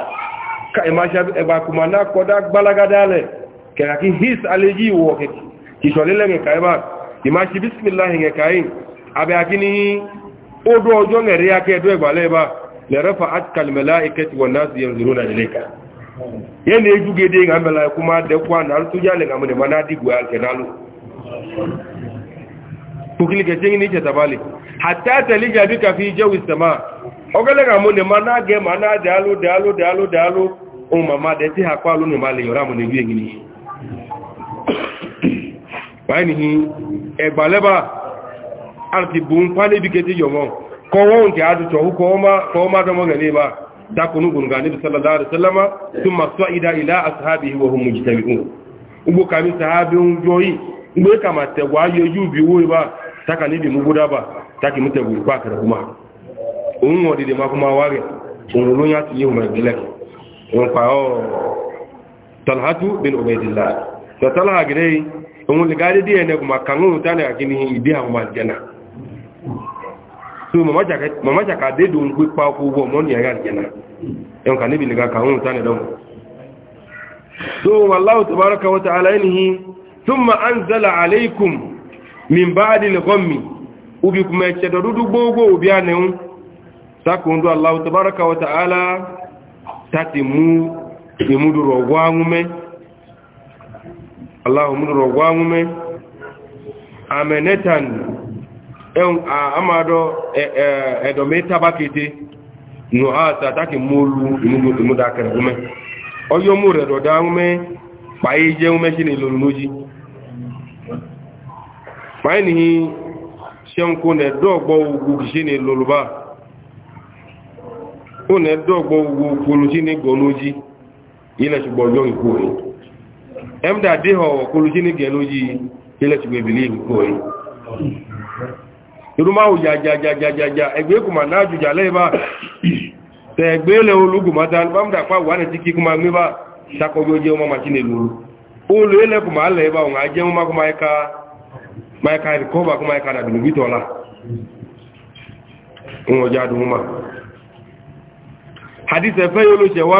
ẹ̀bàkùn ma náà kọ́dá gbálágádá lẹ̀ kẹ̀kà kí his alẹ́ yìí kìsọ̀lélẹ̀ ẹ̀kàí bá ìmá ṣe bísmìláhì ẹ̀kàí abẹ́ akíní odó ọjọ́ ẹ̀rẹ́ akẹ́ẹ̀dọ́ ẹgbàlẹ́ bá lẹ́rẹ́fà àtìkàlùmẹ̀lá ìkẹtì wọ̀n náà sí ẹ̀rùn náà nílé ká yẹn ni ejú gẹ́gẹ́ ìgbàmẹ́lá ẹkú máa dẹ́kú àná tó jálẹ̀ àmúnẹ̀ máa náà dìgbò àkẹ́nálù kókìlìkẹ̀ tí ní ìṣẹ̀tàbálẹ̀ àtẹ́tẹ̀lẹ́ jàbí kàfi jẹ́wì sẹ̀má ọgẹ́lẹ̀ àmúnẹ̀ máa náà gẹ́ máa náà báyìí ẹgbàlẹ́bà àti bùn pánébì kété nke adùtọ̀ hukọ ọmọ adọmọ́gẹ̀ ma dákùnú gùnga níbi sallallahu alaihi sallama tún ma sọ ìdá ịda asahabi ìwọ̀ ohun ugbo taka níbi múgbódá bá òun dìde ma kuma wárẹ̀ òun ló yá ti yé ohun ẹ̀gbẹ́lẹ̀ òun ohun lè gáàdé díẹ̀ ẹ̀nẹ́ kùmà kàngún tánà àti ní ìdí àwọn àjẹ́nà so mama jaka dédò ń gbé pa ọkọ̀ owó mọ́nì àyà àjẹ́nà ẹ̀hùn kà níbi nìkan kàngún tánà dánwò sákòóndó aláwù tàbára wata alá tàti mú ìmúdúrọ̀ wá Allahumma rọgwa mume amenetan en amado edometa e, e bakete no ata taki mulu mu da kare mume oyo mu re do da mume pai e je mume shine lolunoji pai ni seun ko ne dogbo ugu shine ba o ne dogbo ugu kulu shine gonoji ile sugbo yo iko re emda adịghị ọwọ kwuru chineke n'oji ilechigbo ebili ko yi iruma ahụ jajajajajaja egbe kuma na ajụjụ ala ebe a ta egbe ele olugu na etike kuma nwe ebe ma chinelu ele kuma ala na hadith efe ya olu chewa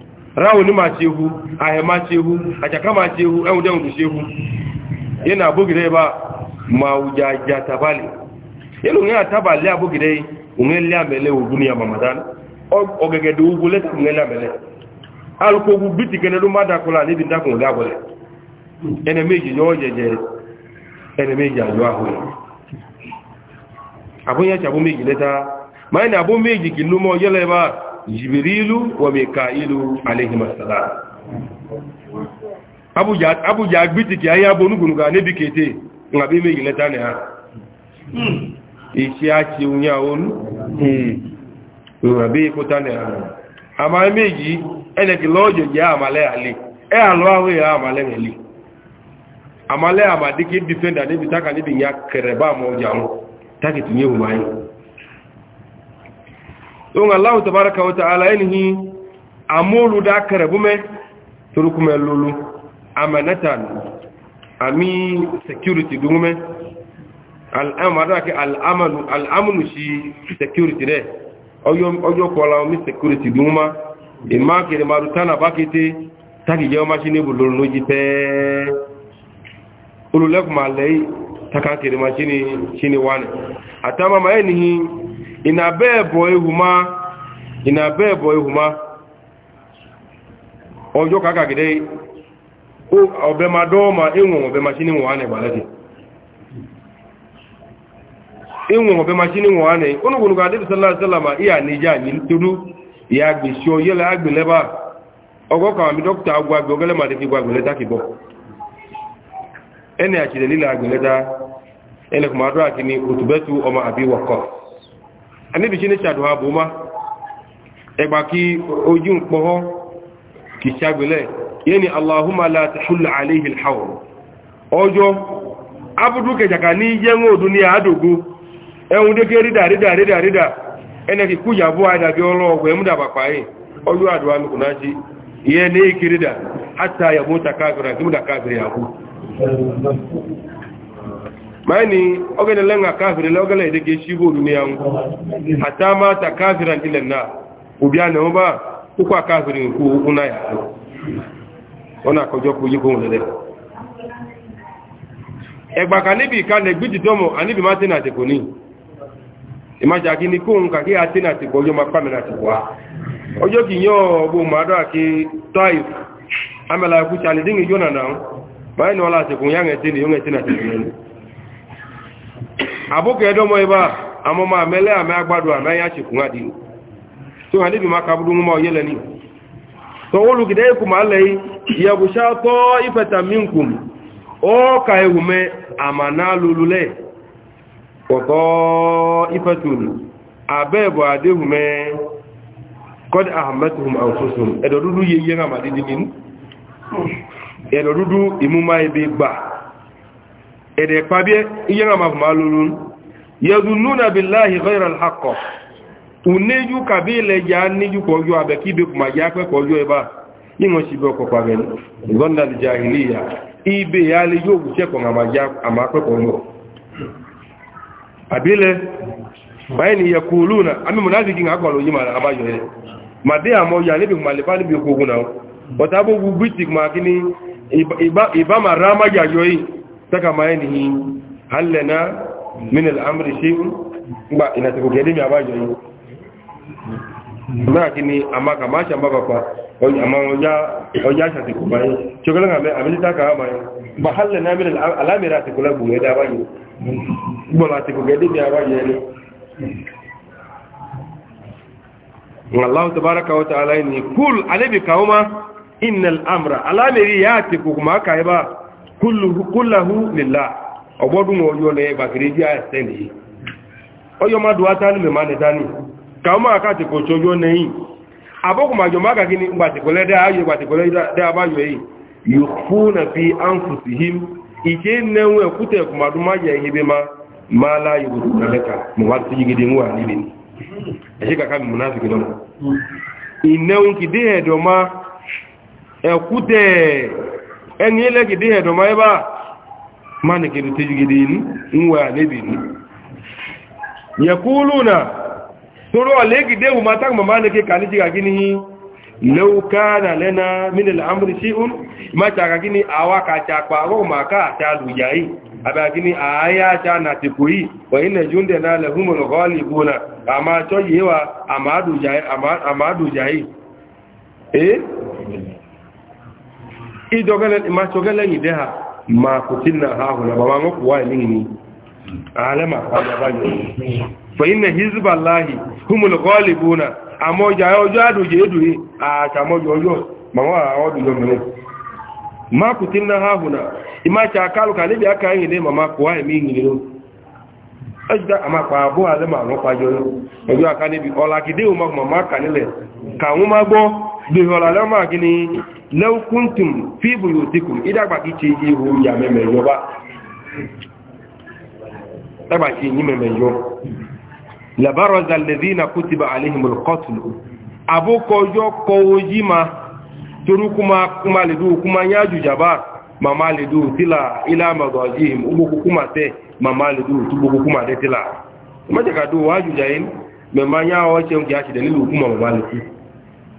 rauni ma ce hu ahe ma ce hu a caka ma ce hu ɗan wujen wuce hu yana bugire ba ma wujaja tabali yana wujen tabali a bugire wujen liamele wu duniya ma madan ogege da ugwu leta wujen liamele alukogwu biti gane lu ma dakola ni bi dakun ga bole ene meji yo jeje ene meji ya ahu abun ya chabu meji leta mai na abun meji kilumo ebe a. jibirilu wa mika'ilu alaihimassalam abuja agbitiki ayi abu onugunu ga nebi kete nga bi meyi leta ne ha hmm. isi achi unya onu hmm. nga bi ikuta ne ha ama meyi eneki lojo je amale ali e alo ahu ya amale ngeli amale amadiki defender nebi taka nebi nya kereba mo jamu taki tunye umayi don Allah tabaraka wa ta'ala yanhi amulu da karabume turukume lulu amanatan ami security dungume al'amara ke al'amanu al'amnu shi security ne oyo oyo kola mi security dunguma e ma ke marutana bakete taki je ma shine bulul noji te ululek malai takan ke ma shine wane atama ma yanhi ina bẹ́ẹ̀ bọ̀ ehùmá ina bẹ́ẹ̀ bọ̀ ehùmá ka kàkà gẹ́dẹ́ ọ̀bẹ̀ ma dọ́ọ̀mà ìwọ̀n ọ̀bẹ̀ ma ṣí ní wọ̀n ánẹ̀ gbàlẹ́dẹ̀ ìwọ̀n ọ̀bẹ̀ ma ṣí ní wọ̀n ánẹ̀ onígbònúgbà adébì sálàmà ìyà níjà ní tódú na gbèsè ọyẹ́lẹ̀ agbèlẹ́bà ọgọ́kàwà mi anibi shi ne ṣàdùn ààbò má ẹgbà kí ojú ń pọ́họ́ kì ṣàgbélẹ̀ yẹ́ ni allahumma la tahullu alayhi alhawl ọjọ́ abudu kẹjàkà ní yẹ́wọ́ ọdún ní àádọ́gbó ẹ̀hun dékè rídà rídà rídà rídà ẹnẹ kì kújà bó àdàbí ọlọ́ọ̀gbẹ̀ múdàbà pààyè bu. maani ogene lenga kafiri logele de ge shibo dunia ngo hata ma ta kafiran ila na ubiane oba kwa kafiri ku una ya ona ko joku yiko ngele egba kanibi ka le gbiji domo anibi ma tena te koni imaja kini ko ojo ki yo bo ma do dingi yona na maani wala te kun yonge tena te abụka edomo ebe a amụma amele ame agbado anaghị achịkwu nwa dị so ha nibi maka bụrụ nwụma oyele ni tọwụlụ gide ekwu ma alei ya gwụcha tọọ ifeta minkum ọ ka ewume ama na alụlule ọtọ ifetulu abe bụ adịhume kod ahmetuhum anfusum edodudu yeyiye ha imuma ebe ede kpabie ihe na mafu malulu nuna billahi ghayra alhaqq uneju kabile ja niju ko yo abe kibe kuma ya pe ko yo eba ingo sibe ko kwabe gonda jahiliya ibe yo buche ko ngama ama pe ko yo abile ami lo yima made amo ya lebi kuma le bi ko o ma kini iba iba marama taka mayanihi hallana min al'amri shi'un ba ina ta kuke dimi a bajo yi na kini amma kama shi amma bakwa amma wajen shi ta kuma yi cikin hame abin ta kama mayan ba hallana min al'amira ta kula buwe da bajo ba ma ta kuke dimi a bajo ne Allah tabaraka wa ta'ala ni kul alabi kawma innal amra alamiri ya tiku kuma kai ba kúlàhú lèlá ọgbọ́dún ọjọ́ lẹ gbàkiri bí àìsẹ́ nìyí ọjọ́ má dùn átánì mẹ́má nẹ dání ká máa káàtì kò yọ ọjọ́ nẹ́yìn àbọ́kù màjọ má kàkí ní gbàtìkọ́lẹ́ dá ayọ̀ gbàtìkọ́lẹ́ dá abáyọ̀ yìí yóò fún àfi áǹfùsì him ìṣe láyé gbogbo wá sí yigidi ń wà ni kàkà mi múná kìdí ẹni ilẹ̀ gidi ẹ̀dọ̀ ma ẹbá ma ní kìrì tí gidi ń wà níbi ní yẹkúlù na tóró ọ̀lẹ́ gidi ewu ma tágbà ma ní kí kà ní jíga gini lẹ́uká na lẹ́na mínil amúrí sí un ma ṣàkà gini àwá ka ṣàpà rọ́ ma ká àti alùyà yìí àbẹ̀ gini na ti kò yìí wọ̀nyí na júndẹ̀ na lẹ́húnmọ̀ ìjọgẹ́lẹ̀ ìdẹ́ ha ma kò tí na ha hù lábàbá wọn ma wọ́n ma na ha hù na ìmáṣà akálùkà aka ẹ̀yìn ní màmá kò wá ìmí ìyìn ló ama àmàpà àbúhà lẹ́mà àwọn pàjọ ọjọ́ àká níbi ọ̀làkìdé òun màmá kà nílẹ̀ kà wọ́n má gbọ́ bihola lama gini law kuntum fi buyutikum ida gba ti ihu ya meme yo ba taba ti ni meme yo la baraza alladhina kutiba alaihim alqatl abu ko yo ko ojima turu kuma kuma le du kuma yaju jaba mama le du tila ila madajihim ubu kuma te tila maje ka du waju jayin mema nya o che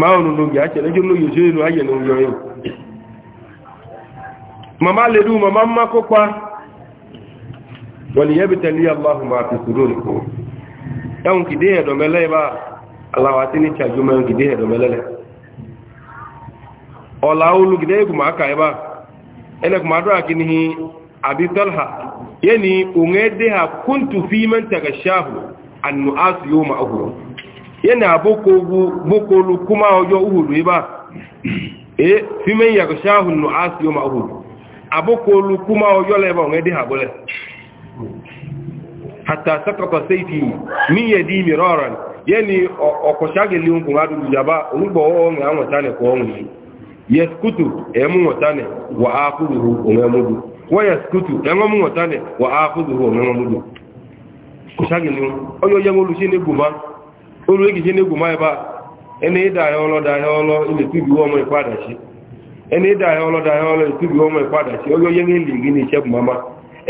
máa nù lóògì àṣẹ̀lẹ́jọ́ lóòyè ṣe inú ayẹ̀ lóòyè ọ̀yọ̀ màmá lè rú màmá má kópa wọ́n yẹ́ bí tẹ̀lé aláhùnmá àti sùúrù nìkó ẹ̀hùn kìdé ẹ̀dọ̀mẹ́lẹ́ bá aláwà tí ní ṣàjú mẹ́rin kìdé ẹ̀dọ̀mẹ́lẹ́lẹ́ ọ̀là olùgìdé ìgbìmọ̀ àkà ẹ̀bá ẹnẹkùnmọ̀ àdúrà kí ni àbí tọ́lá yẹ́ ni òun ẹ́ dé ha kúntù fí mẹ́ntẹ̀kẹ̀ yana bokolu kuma ojo uhudu iba e fimen ya shahu nu'as yoma uhudu abokolu kuma ojo leba ngedi habole hatta sakata sayfi min yadi miraran yani okoshage liun kun adu jaba ungbo o nga wotane ko ngi yaskutu emu wotane wa akhuduhu ngamudu e wa yaskutu engomu wotane wa akhuduhu ngamudu koshage liun oyo yangolu shine olu egihe na-egwu ma ebe a ịda ahịa ọlọ dahịa ọlọ etubiwe ọmụ ịkwadachi ene ịda ahịa ọlọ dahịa ọlọ etubiwe ọmụ ịkwadachi onye onye gị na-eche bụ mama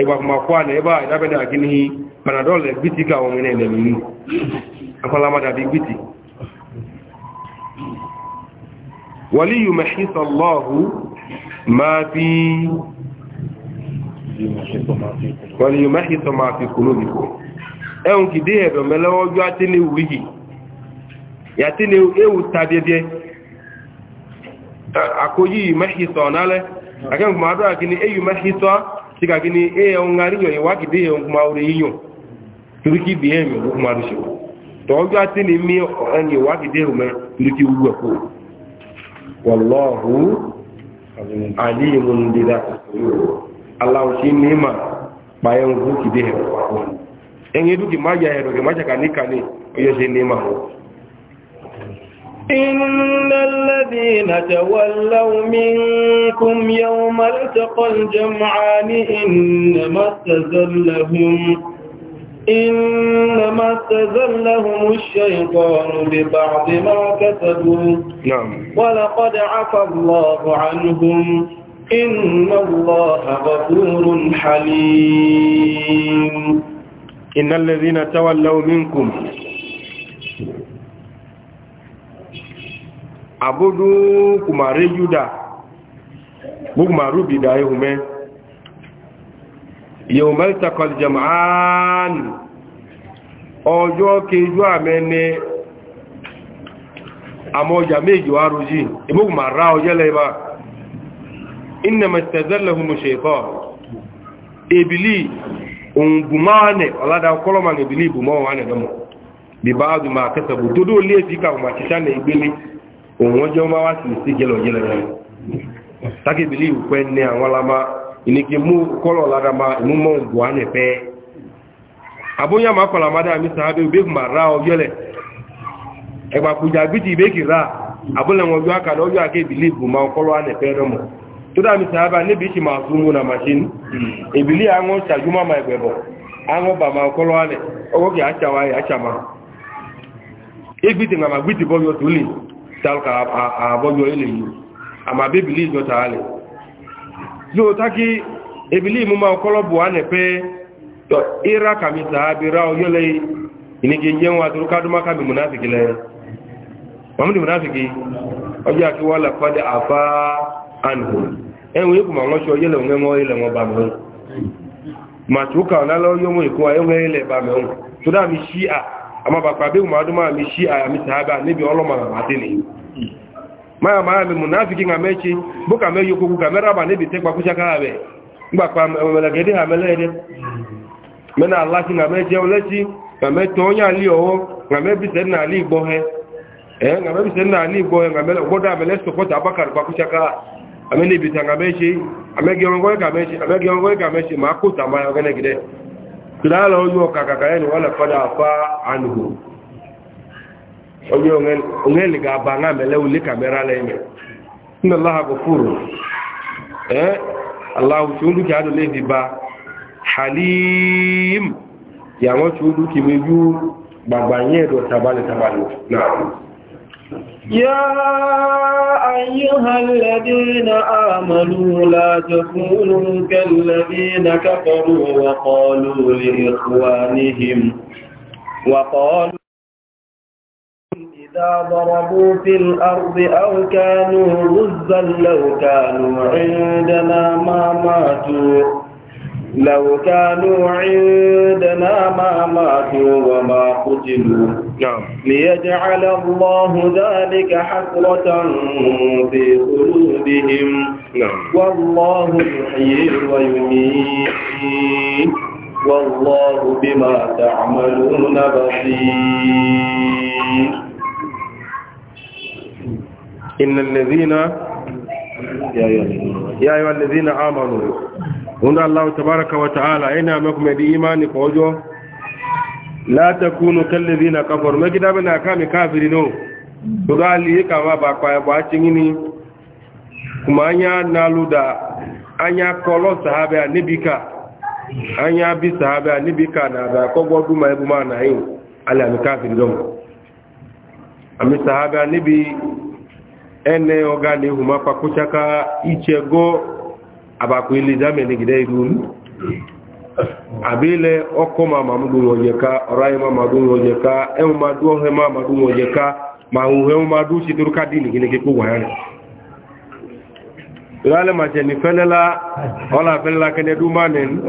ịgbakwụmakwa na ebe a na gị n'ihi panadol egbiti ka onwe na-elele iwu akwala madabi gbiti wali mahisa allahu ma fi waliyu mahisa ma fi kulubikum ẹ̀hùn kìdí ẹ̀dọ̀ àti ní yàtí ni ewu tàbíẹ́bíẹ́ àkóyí mẹ́ṣìtọ̀ nálẹ́ akẹ́kùnmọ̀ àdúrà kí ni eyu mẹ́ṣìtọ̀ tí kàkí ni eyi ohun àríyàn ìwákìdí ohun kùnmọ̀ orí yíyàn turkey bm kùnmọ̀ tọ́jú àti ni mí ẹni ìwákìdí ohun mẹ́ wú ẹ̀kọ́ wọ́lọ́hù ń sí ní إن الذين تولوا منكم يوم التقى الجمعان إنما استزلهم إنما استزلهم الشيطان ببعض ما كسبوا نعم ولقد عفى الله عنهم إن الله غفور حليم إن الذين تولوا منكم abodu kumare yuda bukumaru bida ihume yawmal taqal jam'an ọjọ́ kejú àmẹ́ni àmọ́jà méjì wá rújí ìmúkùmàrá ọjọ́ lẹ́bà inna mẹ́sẹ̀zẹ́lẹ̀hùn ṣètọ́ ìbìlì ohun bùmáwánẹ̀ ọ̀ládà kọ́lọ́mà ìbìlì bùmáwánẹ̀ lọ́mọ̀ bí bá áàdùmà kẹsàbù tó dó lé sí kàwùmà ṣiṣẹ́ ìgbélé òun ọjọ́ bá wá sí sí jẹ́lọ̀jẹ́lọ̀ yẹn tákìbìlì ìpẹ́ ní àwọn alama ìníkí mú kọ́lọ̀ ládàmà ìmúmọ̀ ìgbòhá nẹ̀fẹ́ abóyá máa kọ̀lá máa dáa mísà abẹ́ ìbéèkù máa rá ọjọ́ lẹ̀ ẹgbà kùjà bíti ìbéèkì rá abúlẹ̀ wọn ọjọ́ àkàdé ọjọ́ àkébìlì ìgbòmọ̀ kọ́lọ̀ nẹ̀fẹ́ rẹ̀mọ̀ tó dáa mísà abá níbi ìṣì máa fún múna machine ìbílì àwọn ṣàjúmọ́ máa ẹgbẹ̀bọ̀ àwọn bà àṣàmà égbìtì ngàmà gbìtì bọ́ yọ tó lè talka àbọ́jọ ilẹ̀ yìí àmà bí ìbìlì ìjọta alẹ̀ tí ó tákí ìbìlì mú máa kọ́lọ́bù wá nẹ̀ pé tọ ira kàmì sàábìrá ọyọ́lẹ̀ ìníkì jẹun àtúrúkádùmá kàmì múnáfìkì lẹ́ mọ̀múdì múnáfìkì ọjọ́ àkíwá làpàdé àfá ànùkù ẹ̀wọ̀n wọn amma ba kwabe mu aduma mi shi a mi sahaba ne bi oloma na matini ma ma mi munafiki nga mechi buka me yoku ku kamera ba ne bi te kwa kusha kabe ngba kwa mele gede ha mele ede mena allah ki nga mechi olechi nga me onye li owo nga me bi igbo eh nga me bi ali igbo he nga me goda mele abakar kwa ka amene bi tanga mechi amege ongoe ka mechi ma kuta gide kìláàlọ́ yóò kàkàkà ẹni wọ́n lè fọ́dá afá ànùgbò onye onye ga-aba na mele ule kamera na ime nna allaha gofuru eh allahu chudu ki adu lefi ba halim ya won chudu ki meju gbagbanye do tabale tabale na يا أيها الذين آمنوا لا تكونوا كالذين كفروا وقالوا لإخوانهم وقالوا إذا ضربوا في الأرض أو كانوا غزا لو كانوا عندنا ما ماتوا لو كانوا عندنا ما ماتوا وما قتلوا نعم ليجعل الله ذلك حسرة في قلوبهم نعم والله يحيي ويميت والله بما تعملون بصير إن الذين يا أيها الذين آمنوا wanda Allah tabaraka wa ta'ala ina maku mai imani ko jo la takunu kallazina kafaru mai gida bana kame kafiri no to ga ali kama ba kwa ba cingini kuma anya naluda anya kolo sahabe anibika anya bi sahabe anibika na da ko godu mai bu ma na yi ala mi kafiri don ami sahabe anibi ene ogani huma pakuchaka ichego abakwa ili jamani gida igun abile oko ma mamudu ngojeka orai ma madu ngojeka e ma du he ma madu ngojeka ma hu he ma du si turka dini gine ke kuwa yani lale ma je ni felela ola felela kene du manen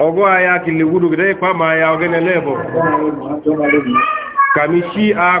ogo aya kile kwa ma ya ogene lebo kamishi a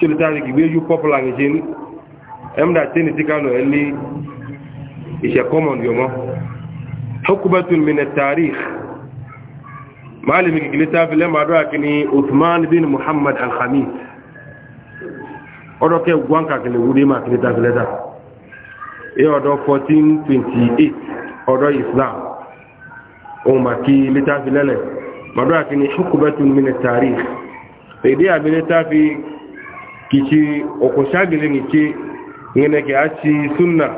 chilitari gigbeju popular ngi jin emda tini tikano eli ishe common yomo hukbatun min at-tarikh malimi gigilita bile madu akini Uthman bin Muhammad al-Khamis odo ke gwanka kile wudi ma kile ta kile ta e odo 1428 odo Islam o ma ki litafi lele madu akini hukbatun min at-tarikh Ìdí e àbílẹ̀ tá fi kici okoshagile ngici ngene ke aci sunna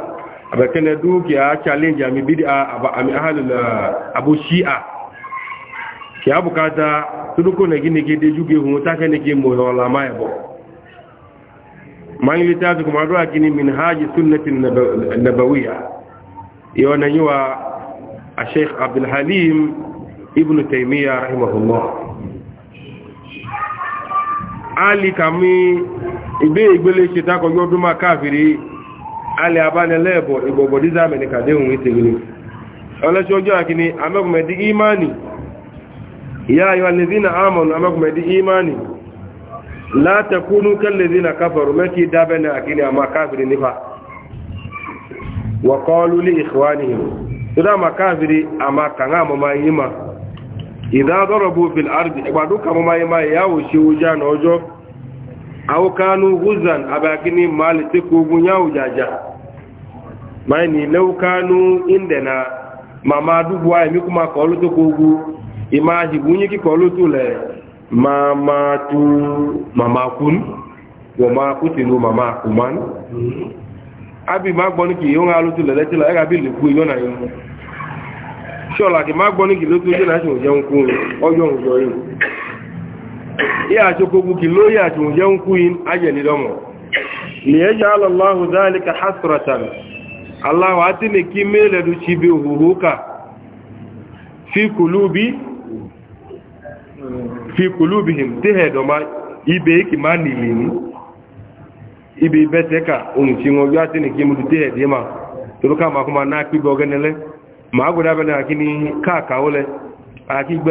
abakene du ke a challenge ami bid'a aba ami ahlul abu shi'a ke abukata tuduko ne gine ke de juge hu ta kene ke mo wala ma yabo mangi litazu kuma do akini min haji sunnati nabawiyya yona yuwa a sheikh abdul halim ibn taymiyyah rahimahullah ali kami igbe igbele ṣe takọjọ ọdún máa káàfìrí alẹ́ abánilẹ́ẹ̀bọ̀ ìgbọ̀gbọ̀ díza mẹ́nìkàdé òun ìtẹ̀gbìnì ọlọ́ṣọ́jọ́ àkíní amẹ́kùnmẹ̀dí imani ìyá ayọ́ alẹ́zínà amọ̀nù amẹ́kùnmẹ̀dí imani látẹkúnú kẹlẹ́zínà káfọ̀rọ̀ mẹ́kì dábẹ́nà àkíní àmà káàfìrí nípa wọ̀kọ́ọ́lú lé ìṣwánihìn tó dá àmà káàfìrí àmà kàná àmọ́má yìí ma ìdá aukanu huzan abagini mali ti kogun yawo jaja mai ni laukanu inda na mama dubuwa emi kuma kọlu to kogu ima jigun yi ki kọlu to le mama tu mama kun wa ma kutinu mama kuman abi ma gbọ́ ní kì yíò ń alu tó lẹ̀lẹ́ tí lọ ẹ́gà bí lè kú yọ́nà yìí ṣọ́ọ̀lá kì má gbọ́ ní kì ló tó jẹ́ náà ṣe òjẹun kú ọjọ́ iya chukwu ki lo ya chu je nkuyi aje ni ala li yaj'al Allahu dhalika hasratan Allahu atini kimele du chibi uhuruka fi kulubi fi kulubihim tihedo ma ibe ki manilini ibe beteka ma ngoyo atini kimudu tihedi ma tuluka makuma na kibo genele ma agudabe na kini kaka ole akigbe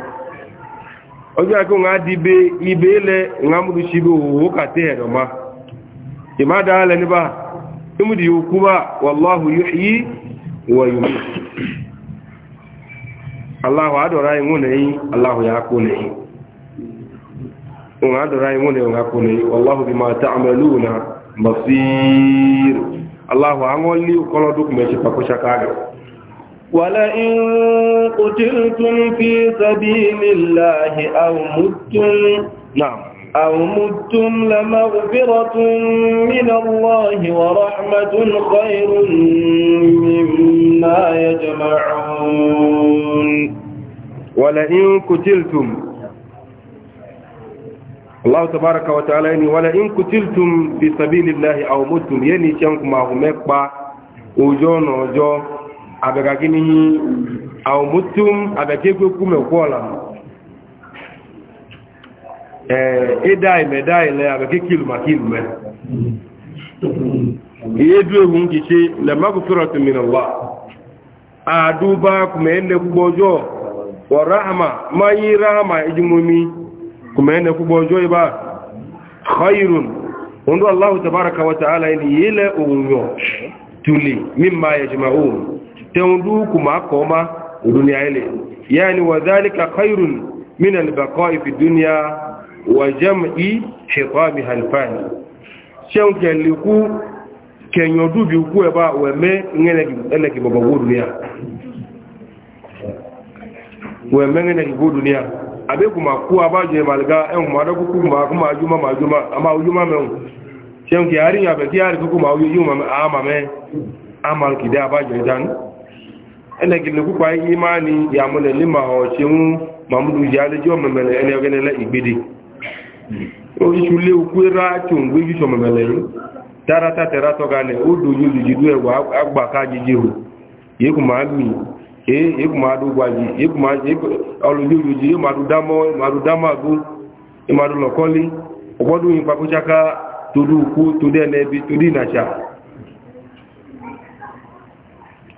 onye a nga dịbe ibe ile nga mụrụ chibe owuwu kata ya ma ima daala ni ba ya ukwu ba wallahu yuhyi wa yumi allahu adọra anyị allahu ya akụ na eyi nga adọra anyị akụ na eyi allahu ولئن قتلتم في سبيل الله أو متم نعم أو متم لمغفرة من الله ورحمة خير مما يجمعون ولئن قتلتم الله تبارك وتعالى يعني ولئن قتلتم في سبيل الله أو متم يعني شانكم أو مكبا وجون وجون abẹ̀kàkíní àwọn mútún abẹ̀kékwékú mẹ́kọ́ọ̀lá ẹ̀ẹ́dá ìmẹ̀dá ilẹ̀ abẹ̀kékìlù màkìlù mẹ́ iye dúró hun kì ṣe lẹ́mọ́kù fẹ́rọ̀ tó mìíràn wá àdúbá kùmẹ́ẹ̀nẹ́ púpọ̀jọ́ wọ̀ ráhàmà má yí ráhàmà khairun wọ́n dọ́ aláhù tàbárakà wata ala tuli mímá yẹ jima'un teundu kuma koma dunia ile yani wadhālika khairun min albaqā'i fi dunya wa jam'i hitamiha alfani shauke liku kenyo dubi ku eba weme ngene ngene kibobo dunia weme ngene kibobo dunia abe kuma ku abaje malga en mada ku kuma kuma juma majuma ama ujuma me shauke ari ya be ki ari ku kuma ujuma ama me amal kidaba jodan ene gile kukwa ihe imani ya mune lima ọchị nwu ma mdu ji alịji omemele ene ogenele igbidi oyichule ukwe ra achụ mgbe ijicha omemele yi tarata terato gane udu yi ojiji du egwu agba ka ajiji yeku ma yeku ma gwaji yeku ma damo damagu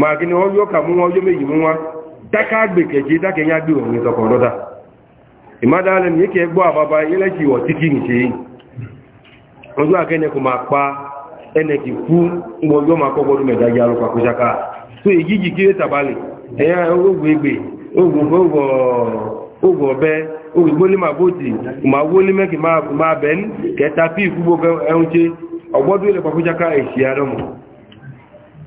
ma gị na ọjọọ ka mụnwa ọjọọ meyi mụnwa taka agbeke ji taka enye agbe onwe tọkọ dọta ịmada ala m ike gbọ ababa ilechi iwọ tiki nche yi ọjọọ aka enekwu ma kpa eneki kwu mgbe ọjọọ ma kọgbọdụ meda gị alụkwa kụchaka so eji ji kiri tabali enye ogwe egbe ogwe ọbe ogwe gboli ma boti ma woli meki ma ben kẹta pi kwugbo ẹnwuche ọgbọdụ ilekwa kụchaka esi ya rọmụ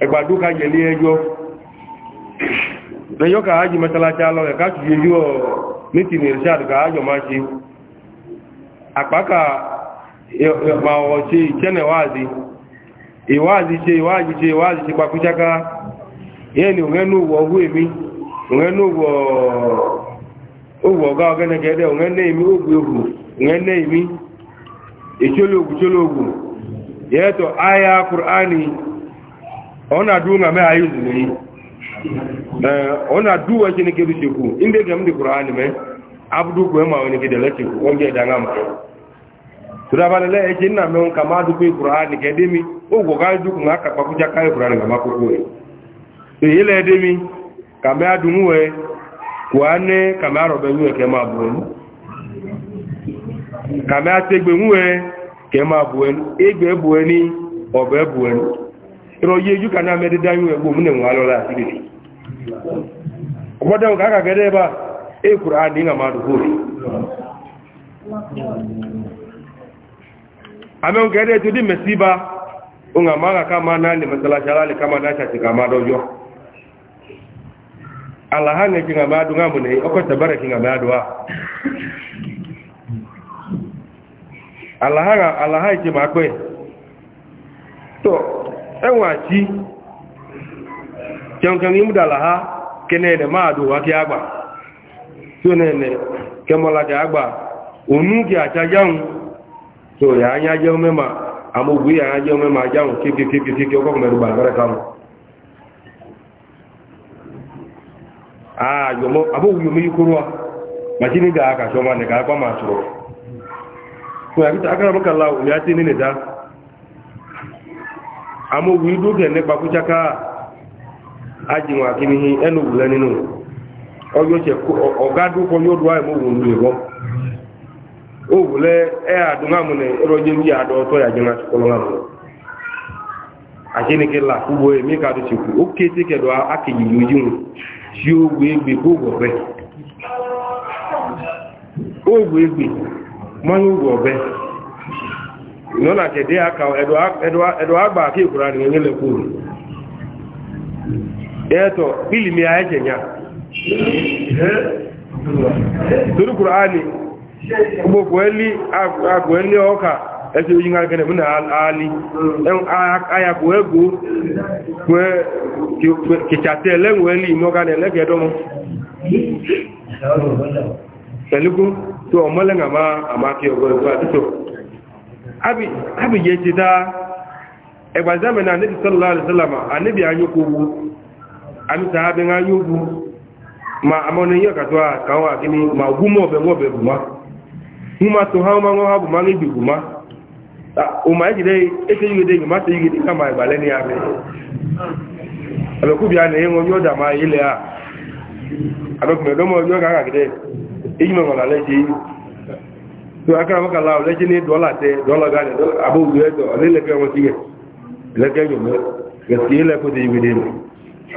ẹgbàdó ká yẹ lé ẹjọ́ lẹ́yọ́ ká ájì mẹ́tàlájá lọ ẹ̀ká tù yẹ yíò ní ti nìrìṣàdù ká ájọ máa ṣe àpákà ma ọ̀ ṣe ìṣẹ́nà ìwáàzí ìwáàzí ṣe ìwáàzí ṣe ìwáàzí ṣe pakúṣáká yẹ́ ni òun ẹnu òwò ọgbó èmi òun ẹnu òwò ọ̀gá ọ̀gẹ́nẹgẹ́dẹ́ òun ẹnu èmi ògbé ògbò òun ẹnu èmi ìṣólógùn ṣólógùn kùránì ona dunga me ayu zuni eh ona duwa jini ke bishiku inde ga mdi qur'ani me abdu ko ma woni ke da lati ko nge da ngam tura bala le e jinna me on kama du ko qur'ani ke demi o go ga du ko ngaka pa ku ja kai qur'ani ga mako ko e ile e demi kama adu muwe kuane kama robe muwe ke ma bu kama ategbe muwe ke ma bu en egbe bu eni obe bu eni ìrọ̀yé yíkà náà mẹ́rin dáyú ẹgbò múnẹ̀ wọn lọ́la àti lè ọgbọ́dẹ̀wọ̀n káàkà gẹ́dẹ́ bá èkùrà ní àmà àdúgbò rẹ̀ àmẹ́wọ̀n gẹ́dẹ́ tó dí mẹ́sí bá ohun àmára ká máa náà lè mẹ́sàlásàlá lè ká máa náà ṣàtìkà máa dọ́jọ́ alahanga kinga to enwachi kẹ̀kẹ̀rin múdàlá ha kẹ́nẹ̀ẹ̀nẹ̀ máa dò wá kí àgbà tí ó nẹ̀ẹ̀nẹ̀ kẹmọ́lá àgbà ònú kí àṣà jáun tó rẹ̀ anyá jẹ́ mẹ́mà àmógbé àyá jẹ́ mẹ́mà jáun kéèkéèkéèké amóhù ìdókè nípa kúcháká ajìnwà kìíní ẹnu òwúlẹ́ nínú ọjọ́ ṣe ọ̀gádùkọ yóò dúwà ìmóhù ń lè rọ́ òwúlẹ́ ẹ àdúnàmùnẹ̀ ọtọ ní àdọ́ ọ̀tọ́ ìyàjìnà kọlọ́mù àṣẹ́nìkè là kúbọ èmi kàdó ṣe ó tí ó gbé ó gbé wọ̀ nọ na kede aka edo agba aka ikwura ni onye lekwuru eto ilimi ya yake nya turu qur'ani gbo kweli eli oka ese yi ngal gene na ali en aya ko ego kwe ki chate le weli no ga ne lege do mo pelu ko to mo le ngama amaki ogo atụtụ abìyẹ ti dáa ẹgbàzámi na níbi sallallahu alaihi wasallam àníbi anyókòwò àmìta abin anyókòwò ma àmọ́ni yíò a, àkàwọ́ àkíní ma gúnmọ̀ ọ̀bẹ̀ wọ́bẹ̀ bùmá mú ma tó ha ọmọ ma bùmá ní ìgbìgbùmá òmà ìjìdẹ́ ètò ma ìgbìmá tó yígede kama A ní abẹ́ àbẹ̀kúbi àná ẹ̀wọ̀n yóò dà máa ilẹ̀ à àbẹ̀kùnrin ọ̀dọ́mọ̀ yóò kàkàkìdẹ́ èyí mọ̀ so akara maka la lẹ́jẹ́ ní dola tẹ dọ́là gánà abóòlù ẹ̀tọ́ ọ̀lẹ́lẹ́kẹ́ wọn síyẹ̀ lẹ́kẹ́ yòmọ́ gẹ̀sì ilẹ̀ kó ti ma nù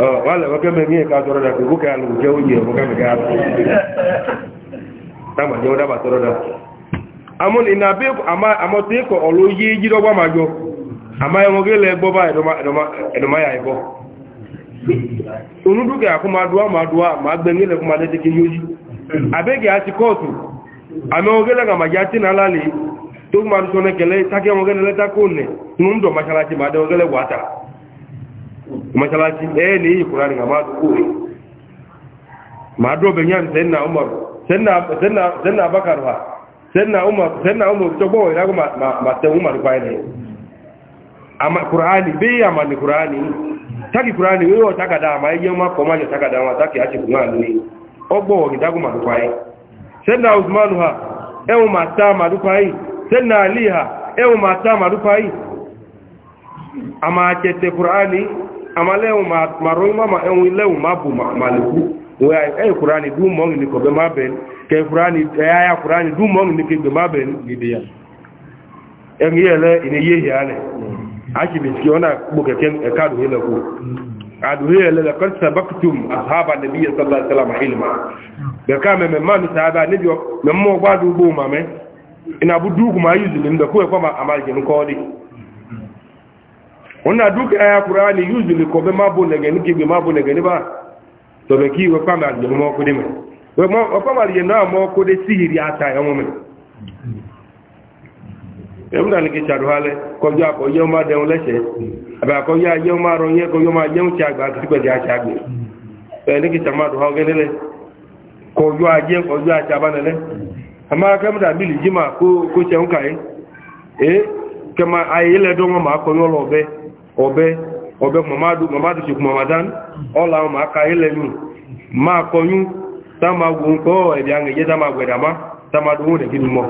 ọ wà lẹ́wọ́ kẹ́mẹ́ ní ẹ̀ka tọrọ dà ka kókè alùpùpù jẹ́ oúnjẹ ọmọ ka ká lọ táwọn jẹ́ wọn dábàá tọrọ àmì ọgẹ́ lẹ́gbà màjá tí náà lálẹ́ tó máa ń sọ́nà kẹlẹ́ tákẹ́ ọgẹ́ lẹ́ta kó nẹ̀ ní ń dọ̀ mọ́ṣáláṣí máa dẹ ọgẹ́ lẹ́wọ̀ àtà mọ́ṣáláṣí ẹ́ ní ìkùnrin àrìn àmà àdúgbò rẹ̀ wa sẹ́nà umar sẹ́nà umar tọ́gbọ́ ìrágùn máa tẹ̀ umar pa ẹ̀ àmà kùránì bí àmà ní kùránì tákì kùránì wíwọ̀ tákàdá àmà ẹyẹ ọmọ kọ̀ máa yọ tákàdá àwọn tákì àṣekùnrin àlùyé ọgbọ̀ ìdágùn máa pa sẹ́nà usmanu ha ẹwùn ma ta màdúkwá yìí sẹ́nà alì ha ẹwùn ma ta màdúkwá yìí a máa tẹ̀tẹ̀ kùránì amalẹ́wùn ma rọ́yìn máa ya ilẹ̀wùn ma bù màlùkú ẹ̀yìn kùránì dún mọ́rin ní kọ̀bẹ̀ má bẹ̀ẹ́ni kẹ ẹ̀yà kùránì dún mọ́rin ní kẹgbẹ̀ má bẹ̀ẹ́ni gidi ya ẹ̀yìn yẹ̀lẹ́ na yẹ̀ aduhiya lalakar sabaktum ashaba nabiya sallallahu alaihi wasallam ilma da ka me ma mi sahaba ne biyo me mo gba du bo ma me ina bu du kuma yuzu lim da ko ko ma amal gen ko di onna du ka ya qur'ani yuzu li ko be ma bo ne gen ki be ma bo ne gen ba to be ki ko ma gen mo ko di me ko ma ko ma li na mo ko de sihiri ata ya mo me ẹ̀mùdà ní kí ṣàrùhálẹ́ kọjọ́ àkọ́ yẹ́ ọmọ adẹun lẹ́ṣẹ̀ àbẹ̀ àkọ́ yẹ́ ayé ọmọ arọ yẹ́ kọjọ́ máa yẹ́un ti àgbà àti pẹ̀lẹ̀ àṣàgbẹ̀ ẹ̀ ní kí ṣàmàdùhá ọgẹ́lẹ́lẹ́ kọjọ́ ajé kọjọ́ àṣàbánẹlẹ́ àmọ́ akẹ́mùdà bílì jí máa kó ṣẹun kàí ẹ́ ama ayé lẹ́dọ́ wọn máa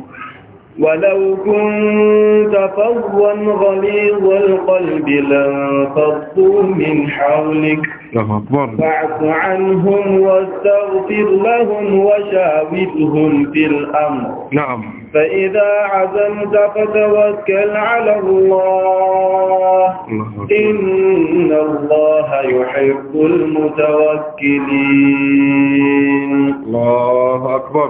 ولو كنت فظا غليظ القلب لانفضوا من حولك فاعف عنهم واستغفر لهم وشاورهم في الأمر نعم فإذا عزمت فتوكل على الله إن الله يحب المتوكلين الله أكبر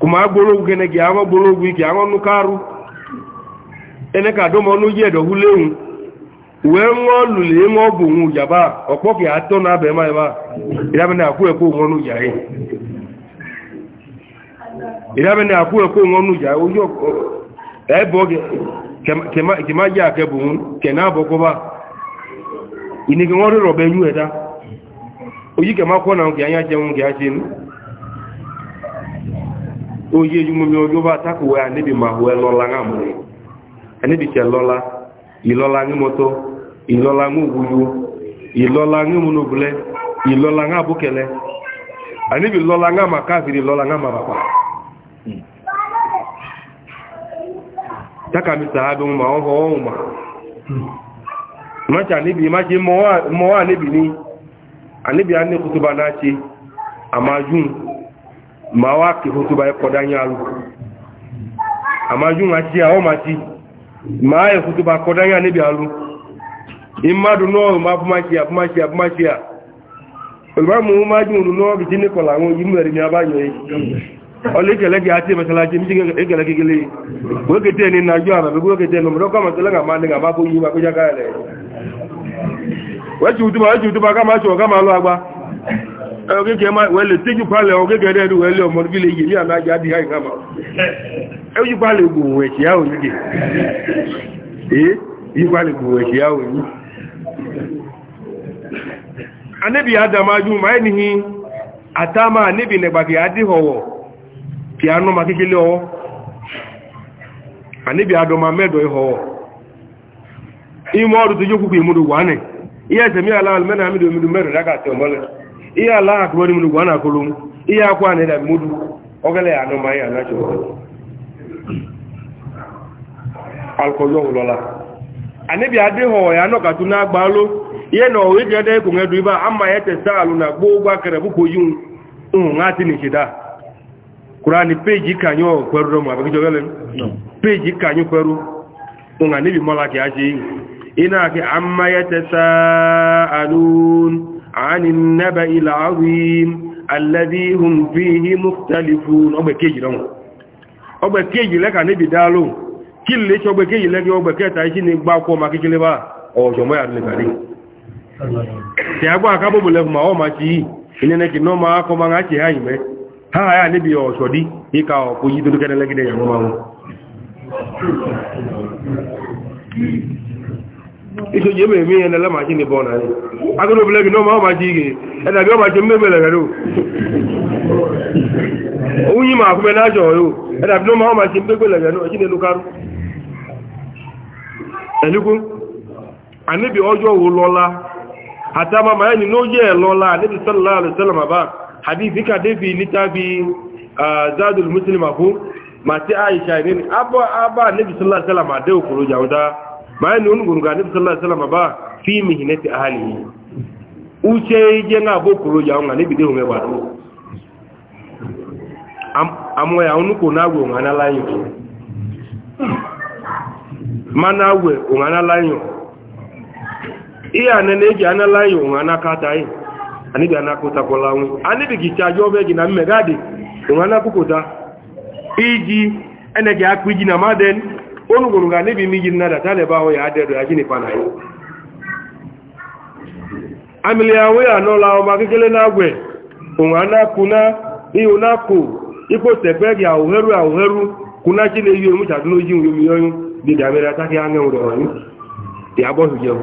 kuma agboro gene gi aghọ gbologwu ike aghọ nnukwu arụ ene ka dom ọnụ yi edo hulenwu wee ṅụọ e luli ṅụọ bụ nwu yaba ọkpọkị atọ na aba e, e, ma ebe ịrabe na akwụ ekwe nwe e yaghị ịrabe na akwụ ekwe nwe ọnụ oyi ebe kema ji ake gị nwu ke na eda oyi na nke anya chenwu nke a oye yumumi ojo ba takuwe anibi mahuwe lola nga mure anibi che lola ilola ngi moto ilola ngi uguyu ilola ngi munubule ilola nga bukele anibi lola nga makafiri lola nga mababa taka mi sahabi mu ma oho oma macha anibi maji mowa anibi ni anibi ani kutuba nachi amajun ma wá kí hotuba ẹ kọ̀dá yín arú àmájú ma ti àwọn ma ti ma ẹ hotuba kọ̀dá yín níbi arú ìmádù náà ma fún ma ṣe à fún ma ṣe à fún ma ṣe à olùbámu ma jù nù náà bìtí ní kọ̀lá àwọn yìí mẹ́rin ní abáyọ yìí ọlẹ́ ìkẹlẹ́gẹ̀ àti ìmọ̀sálásí ní ọgẹ́gẹ́ máa wẹ́lẹ̀ tíjú pálẹ̀ ọgẹ́gẹ́ rẹ̀ wẹ́lẹ̀ ọmọ gílẹ̀ yìí ní àmì ajá dí àìkà máa ẹjú pálẹ̀ gbòòwò ẹ̀ṣìyà òní gẹ̀ èé yí pálẹ̀ gbòòwò ẹ̀ṣìyà òní anẹ́bì adamaju máa ní àtàmà anẹ́bì nẹ̀gbàkì adéhọ̀wọ̀ kí a nọ́ ma kékeré ọwọ́ anẹ́bì adọma mẹ́dọ̀ ihọ̀wọ̀ ìmọ̀ ọdún tó jókòó ìmúdù wà ní iye ẹ̀sẹ̀mí aláàlú mẹ́rin àmì ihe ala akụbori mụrụ a na-akụrụ ihe akwa na ịdabi mụdụ ọgala ya anụma ya anachi alkọzọ ụlọla anabi ya na ihe na ọwụ ga-ede ekwonye du ibe ama ya tesa alụ na gboo ụgba oyi peji kanyị kwerụ ma abagijogele peeji kwerụ ị na-akị ama ya tesa anyị la ụ ụ ogbekeke jile ka na bido alụ k lech ogbeke jile gị ogbeke ka ihi n gb akwụwọ maka kli ba a ọọ mbe a dlta gbọ aka bụ blehụ ma ọ machi ihi nye le g n ọmakọ ma wa hachi ha i mee ha a a anyebighị ọhọ di ịka ọụ jido oka delegịdị nya ụ iso je me na la ma jini bona ni agro bele bi no ma ma jige na ọ ma je me bele ga ma ku na jo yo na bi no ọ ma je me bele ga no jini lu karu eligun ani ma ma ni no je lola ni ma sallallahu alaihi wasallam ba hadithi bi zadul muslim aisha ni aba okoro bayan ne wani gurga nufi sallallahu alaihi wasallam ba fi mihinati hi uche je na abo kuro ya nga nibi dehu mewa do am amo unu ko na gwo nga na layo mana we nga na layo iya ne ne je na layo nga na kata yi ani ga na ko ta ko lawo ani bi be gi na mmegade nga na iji ene akwi na maden onu gburu ga nebi miji nnada ta leba ahụ ya adịrụ ya gịnị pana ya amịlị ahụ ya anọla ọma kekele na agwe onwe anakụ na ihu nakụ ikpotekpe gị ahụheru ahụheru kwụna chi na-eyi onwe chadụ n'oji nwe omi onyu dị ga amịrị ata gị anya nwere ọnyụ ya agbọhụ jehu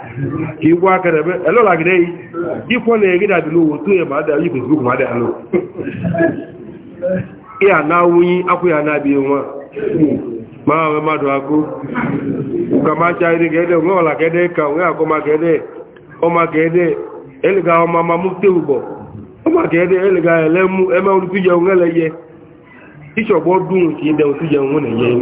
ka igwe aka na-ebe elụlagide yi ịkwọ na-eghe dabil owo tu ya ma ada yi ma ada alụ ịa na awụnyi akwụ ya na-abịa nwa ma ahụ mmadụ akụ ụka ma acha iri ga ọla ka ede ka eliga ele na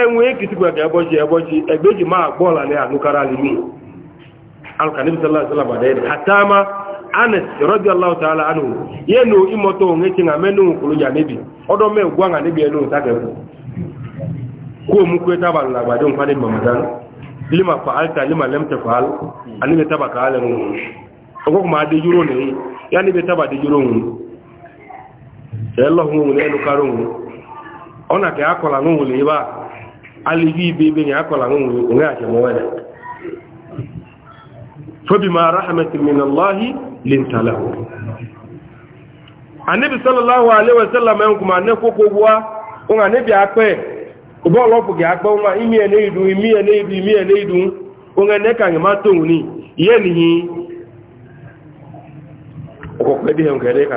enwe kìtìgbàgì ẹbọ́jì ẹbọ́jì ẹgbẹ́jì máa gbọ́ọ̀lá ní àlúkárá lè ní alkanífisalasalabadẹ́ẹ̀dẹ̀ anas radiyallahu ta'ala anhu yenu imoto ngeti nga menu kulu ya nebi odo me gwa nga nebi enu take ko ko mu ko ta lima fa'alta lima lam tafal annabi tabaka alamu ko ne ya ni be taba de juro ona ke akola ngun le alibi ibe ibe ya akọla onwe ajamowe فبما رحمة من الله A له النبي صلى الله عليه وسلم يقول أنه كوكوبوا أنه نبي أكبر ọgbọ́ ọlọ́pù gẹ̀ agbọ́ wọn imi ẹ̀ léìdú imi ẹ̀ léìdú imi ẹ̀ léìdú oúnjẹ nẹ́kà yìí máa tóhun ní iye nìyí ọkọ̀pẹ́ bí ẹ̀hùn kẹ̀ẹ́lẹ́kà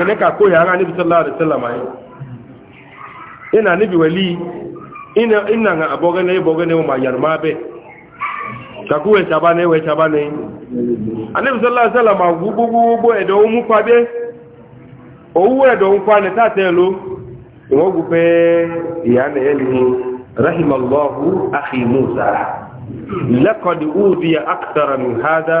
ne ka koya an anabi sallallahu alaihi wasallam ai ina nabi wali ina ina ga aboga ne boga ne ma yarma be ka kuwe chaba ne we chaba ne anabi sallallahu alaihi wasallam gugu gugu edo mu pa be owu edo mu pa ne ta te rahimallahu akhi musa laqad utiya akthara min hada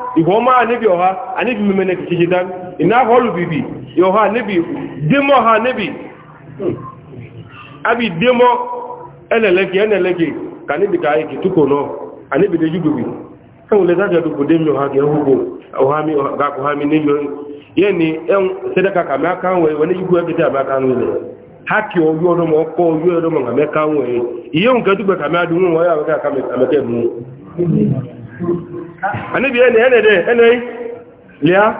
ìwọ máa níbi ọha aníbi mímẹ́nẹ̀ kìí ṣe dán iná họlù bìbì ìọha níbi ha níbi abi bi ẹnẹ̀lẹ́kẹ̀ ẹnẹ̀lẹ́kẹ̀ kà níbi ká ne túkò náà aníbi lè jùgbòbì ẹ̀hùn lè sájọ́ dùkò démi ọha kì ẹ̀hùgbò ọhámi níyọ yẹ́ ni ẹ̀hùn sẹ́dẹ́ka kàmí akáwọn ẹ̀wọ̀n ní ikú ẹ̀kẹ́tẹ́ ka akáwọn ilẹ̀ Iye ojú ọdọmọ ọkọ ka ọdọmọ kàmí akáwọn anibi ene ene de ene lia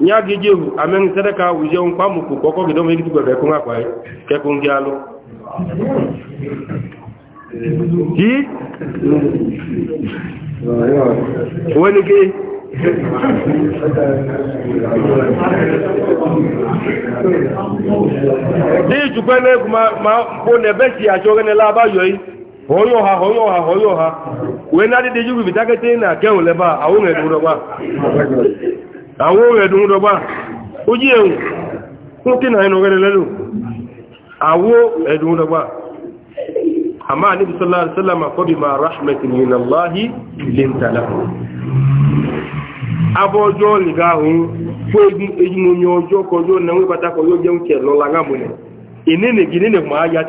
nya gi jehu amen sadaka wuje un kwamu ku koko gido me gitu bebe ko ngakwa ke kun gialo ki wani ke ní ìjùgbẹ́ lẹ́gùn ma ń bó nẹ̀bẹ́ sí àjọ rẹ̀ ní lábáyọ̀ yìí ọ̀yọ́ ha ọ̀yọ́ ha ọ̀yọ́ ha wee na-adịdị ji ubi takịta na aka enwele ba awụghị edụdọgba oji nwoke na ịnụ oghere lelu awụ edụdọgba amma anibi sallallahu alaihi wasallam akobi ma rahmatin min allah lintala abojo liga hun onye na la ya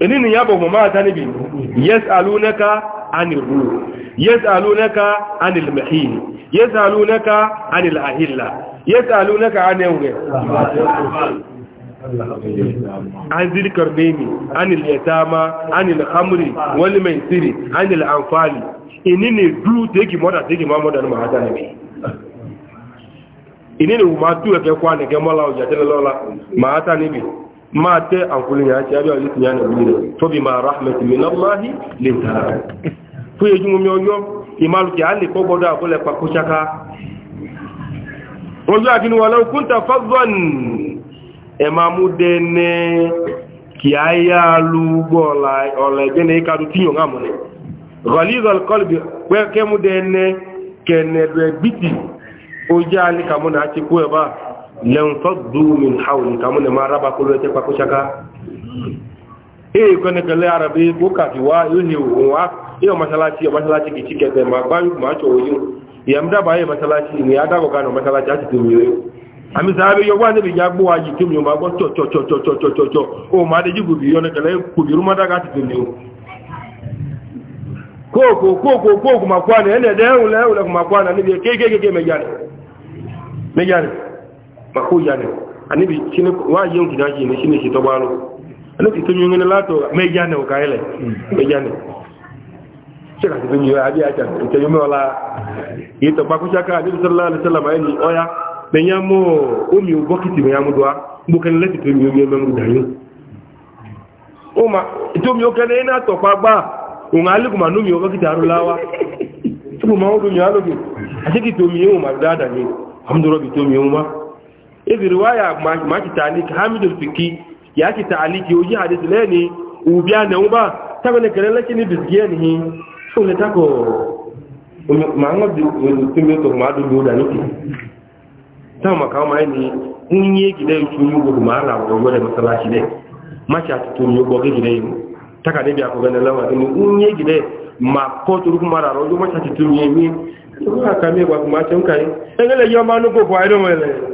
ini ni yabo mu mata nibi yasalunaka anil ruh yasalunaka anil mahil yasalunaka anil ahilla yasalunaka anil عن ذي القرنين عن اليتامى عن الخمر والميسر عن الانفال انني دو تيكي مودا تيكي ما مودا ما هذا نبي انني وما تو كيكو انك مولا وجاتل لولا ما هذا نبي ma te ankulin ya ci abiya yutin yana biyu to bi ma rahmeti min Allah lin ta fu ye jumu yoyo imalu ki ali ko bodo abule pa ko chaka ojo akinu wala kunta fadhan imamu dene ki aya lu bola ole gene ka du tinyo ngamune ghaliz alqalb wa kene be biti ali kamuna ci ko lẹ́nfọ́dù min hauli kàmú ni máa rábà kúrò ẹ̀tẹ́ pàkóṣaká èyí kọ́ ní kẹlẹ́ arabi wókàtí wá ilé òun wá yíò masalasi yíò masalasi kì í kẹtẹ ma gbá yóò máa ṣòwò yíò ìyàm dábà yíò masalasi ní adágọ̀gá nà masalasi á ti tó mìíràn àmì sàábé yọ wá níbi ìyá gbówá yìí tó mìíràn máa gbọ́ tọ̀tọ̀tọ̀tọ̀tọ̀ ó máa dé jígò bí yọ ní kẹlẹ́ kòbí rúmọ́dága ti tó mìíràn kóòkó ẹni ẹ̀dẹ́ ẹ̀hùn lẹ́hùn lẹ́kùn màkúwà ní ẹni kéékèèké mako ya ne a shine wa yin ki daji ne shine shi to balo anibi tun yin ne lato me ya ne o kai le me ya ne shi ka tun yi abi aja to yi wala yi to ba ku shaka anibi sallallahu alaihi wasallam ayi oya mo o mi o bokiti me ya mu doa bu kan le tun yi me o ma to mi o kan ina to pa gba o ngali kuma no mi o bokiti arulawa tubu ma o do nyaalo ki asiki to mi o ma dada ni amduro bi to mi izi riwaya ma kitalik hamidul fiki ya kitaliki oji hadisi leni ubia ne uba tago ne kele lakini bisgiye ni ole tako ma ngo di timbe to ma da ta ma ka ma ni unye gide yu yu ma la go gore masalashi de ma cha tu yu go gide yu ne biya ko gane lawa ma ko turu kuma ra ma ko ka me kuma kai ma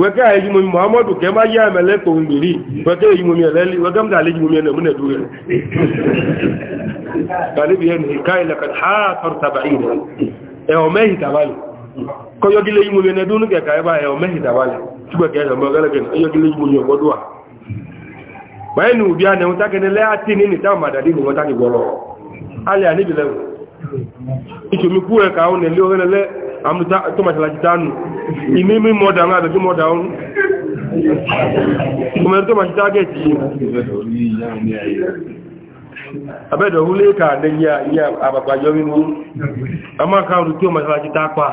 wẹ́kẹ́ àyíjúmọ̀mí muhammadu kẹ máa yá àmẹ́lẹ́ kò ń gbèrí wẹ́kẹ́ àyíjúmọ̀mí ẹ̀lẹ́lẹ́ wẹ́gẹ́mdà àlẹ́júmọ̀mí ẹ̀nà múnẹ̀ dúró rẹ̀ kàlébì ẹni ìkáìlẹ̀ kan ha tọrọ tàbà ìrẹ̀ ẹ̀họ̀ mẹ́hì tàbálẹ̀ kọjọ́gílẹ̀ yíjúmọ̀mí ẹ̀nà dúnú kẹ̀kà ẹ̀bá ẹ̀họ̀ mẹ́hì tàbálẹ̀ túbẹ̀kẹ́ ẹ̀họ̀ mẹ́gẹ́lẹ́gẹ́ amuta tó masalasi tánu ìmí mi mọ́dà ń àbẹ̀kí mọ́dà ọ̀run kòmẹ̀rẹ̀ tó masalasi tágẹ̀tì abẹ́dọ̀ hulé ka dẹ̀yà ìyà àbàgbàjọ́ mímú a máa ká rú tí ó masalasi tápa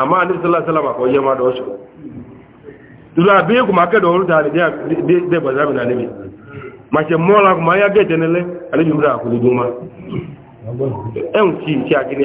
a máa ní sọ́lá sọ́lá màkọ̀ yẹ máa dọ́ṣọ́ tùlọ àbí kò máa kẹ́dọ̀ orúta rẹ̀ dẹ́gbàzámi náà níbi màṣẹ mọ́ra kò máa yá gẹ̀ẹ́tẹ̀nẹ́lẹ́ alẹ́bí mìíràn kò lè gbọ́n ma ẹ̀hùn tí ìṣẹ́ àkíní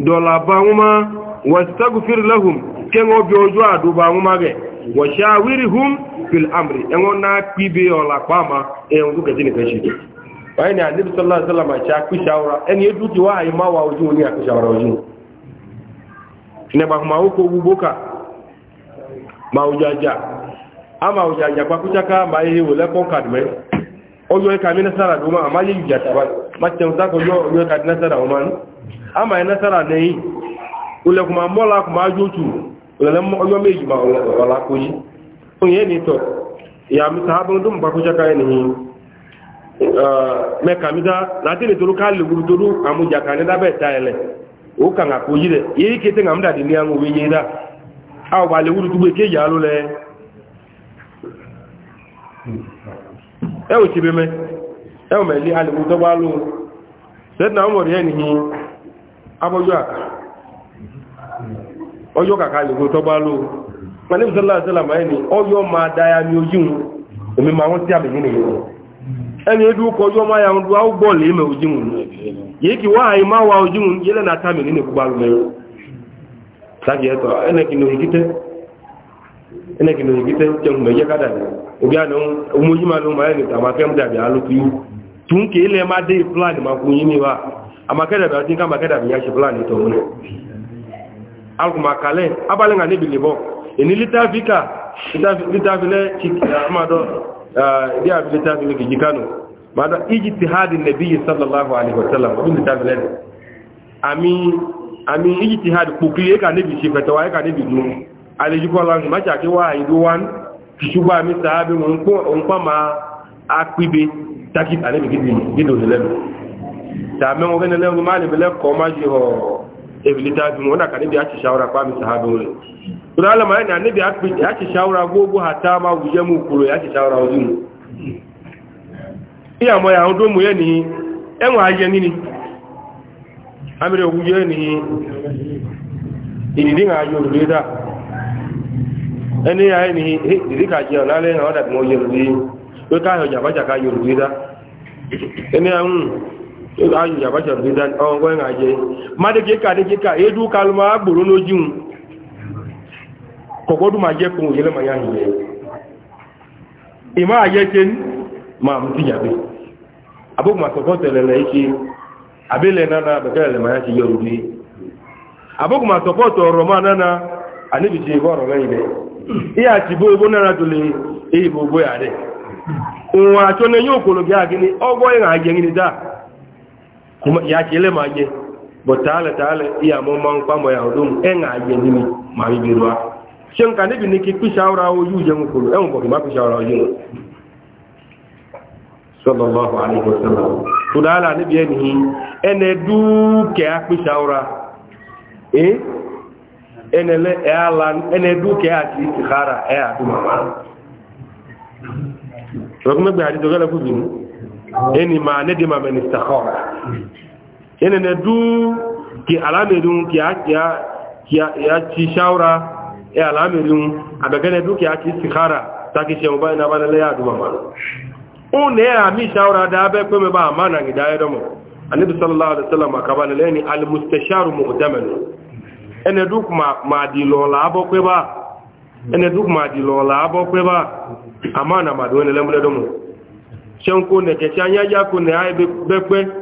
dola banguma wastaghfir lahum kengo biojo adu banguma ge washawirhum fil amri engo na kibe ola kwama engo duke ni kashi wani annabi sallallahu alaihi ma cha ku shawara en yedu ti wa ima wa uju ni ku shawara uju ne ba kuma uko buboka ma ujaja ama ujaja kwa ma yeye ba ma ama ya nasara na yi ule kuma mola kuma ajo a ule mo yo meji ma ọla ko yi ya ni ya mi sahabon dum ba ka ya na ti ni ka le guru to amu jaka ni ele o kan ke te ngamda di ni an a ba le ya le e o e o ale guru to alụ lo sayyidina umar ya ni abọ́jọ́ àkà ọjọ́ kàkà lèkó tọ́gbá ló pẹ̀lú ìsọ́lá máa ní ọjọ́ máa dáyà ní ojíun èmi máa wọ́n tí àmì nínú ìlú ẹni ẹdú kọ ọjọ́ máa yàwọn tó áwọ́ ma èmẹ̀ ojíun yìí kí wá àyè máa wá ojíun yìí lẹ́nà tàmì nínú ìkúgbà lọ sáàkì ẹ̀tọ́ ẹnẹkìnà amakẹ́dà bí ọdún kámakẹ́dà bí yáṣe fúlàní tó múnà alùkùnmakalẹ̀ abálẹ́ngà níbi lèbọ̀ èní lítàfíkà lítàfilẹ̀ àmàdọ́ bí i lítàfilẹ̀ kìí kánò mada iji ti hadi nabi sallallahu alaihi wasallam ọdún lítàfilẹ̀ àmì àmì iji ti hadi kpòkìlì ẹka níbi ṣe fẹ̀tọ̀wà ẹka níbi dùn alẹ́júkọ́lá máṣàkíwá ìdúwán ṣùgbà mi sàábí wọn pọ́ ma akpíbe takip àníbi gidi lẹ́nu tààmẹ́ wọn fẹ́ni lẹ́wọ́n máa nìbẹ̀lẹ́ kọ́ má ṣe họ̀ èbìlítà bí wọn nàkà níbi àti ṣàwọ́ra pàmì sàhábì rẹ̀ tó dálẹ̀ máa nà níbi àti ṣàwọ́ra gbogbo àtà máa wùjẹ́ mú kúrò àti ṣàwọ́ra ojú mu ní àmọ́ àwọn tó mú yẹ́ ni ẹ̀wọ̀n ayẹ níní amẹ́rẹ̀ òkú yẹ́ ni ìdìdí àjò òrùlẹ́dà ẹni ayé ni ìdìdí kàjẹ́ ọ̀lálẹ́ àwọn dàbí wọn yẹ òrùlẹ́ anyi abacha bida ọgwọ ya aje mmadụ keka dị keka edu kalụ ma agboro n'oji m ma je kpụ yele ma ya hiye ịma e aje chen ma m tinyabe abụghị ma na ma e ya abụghị ma ma na ebe ọrọ ya na ogbo ya dị nwa achọ na-enye okolo gị agịnị ọgwọ kuma ya kele ma je bo taala taala iya mo man pa mo ya dum en a je ni ma bi birwa shin ka ne bi ni ki ku shawara o yu je ngulu en bo ma ku shawara o yu sallallahu alaihi wasallam to dala ne bi e ni ene du ke a ku shawara eh ene le e ala ene du ke a ti khara e a dum ma Rọ́gbọ́n gbé àdíjọ́ gẹ́lẹ́ fún ìbínú, e ẹni máa ní dìmà mẹ́ni sàkọ́ra. enene du ki alamerin ki ya ci shawara ya alamerin a gagane du ki ya e sikhara ta ki shehu bayan na bane laya duba ma un ne ya mi shawara da abai kweme ba amma na gida ya dama annabi sallallahu alaihi wasallam ka bane laya ni almustashar mu'tamal ene du ma ma di lola abo kwe ba ene du ma di lola abo kwe ba amma na ma do ne lemule domo shen ko ne ke chanya ya ko ne ai e be kwe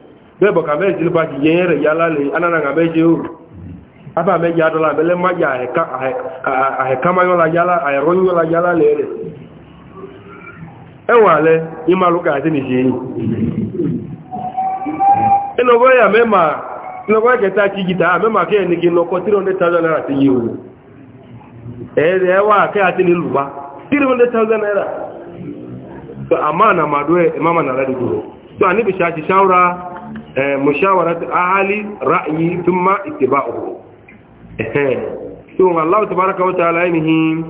bẹ́ẹ̀ bọ̀ kàmẹ́ ìdílé bá ti yẹ ẹ̀rẹ̀ yálà lè anára mẹ́jẹ́ ó abá mẹ́jẹ́ adọ́lá abẹ́lẹ́ májẹ́ àhẹ̀kámáyọ́lá yálà àẹ̀rọ́yọ́lá yálà lè rẹ̀ ẹwà alẹ́ ìmàlúkà àti nìṣe yìí ẹnọgọ́yà mẹ́mà ẹnọgọ́yà nọkọ 300,000 naira ti yíò níbi ṣe Eh, mushawaratu ahli ra'yi thumma ittiba'uhu eh so Allah tabaaraka wa ta'ala yanihi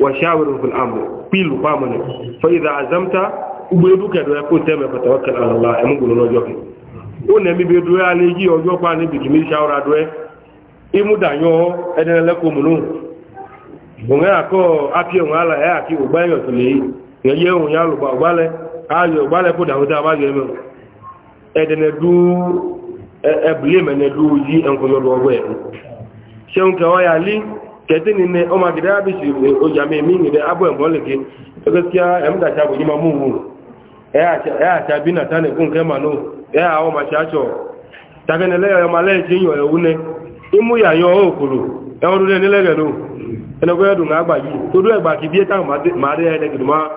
wa shawirun fil amr bil famana fa idha azamta ubedu kedo ko teme ko tawakkal ala Allah e mungu no joki o mi ya le ji ojo pa ni bikimi shawara do imu danyo ko munu bunga ako apio ala e aki ugbayo tuli ye ye o yalu ba gbale ayo gbale ko dawuda ba edene du ebleme ne du yi enko yo lo se ke ya li ke n'i ne o ma gida bi si o ja mi ni abo ke to gaskiya ma mu mu e a e a bi na ta ne nke ma no e a o ma cha cho ta ke ne le yo ma la jin yo imu ya yo o kuru ne le ya ya ya agba yi to du egba ki bi e ma de e ma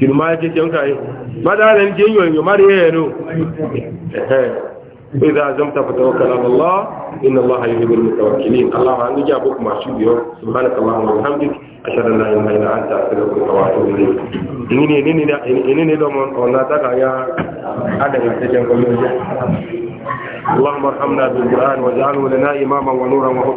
kìnnì máa jẹ́ jẹun káyé mádá rẹ̀ ń jẹ́ yíò èèyàn máa rí ẹ̀rọ إذا عزمت فتوكل على الله إن الله يحب المتوكلين الله عنه جابك مع شبيه سبحانك اللهم وبحمدك أشهد أن لا إله إلا أنت أستغفرك وأتوب إليك إنني إنني إنني دومون أنا تكا يا أدعي تجنكم اللهم ارحمنا بالقرآن واجعله لنا إماما ونورا وهدى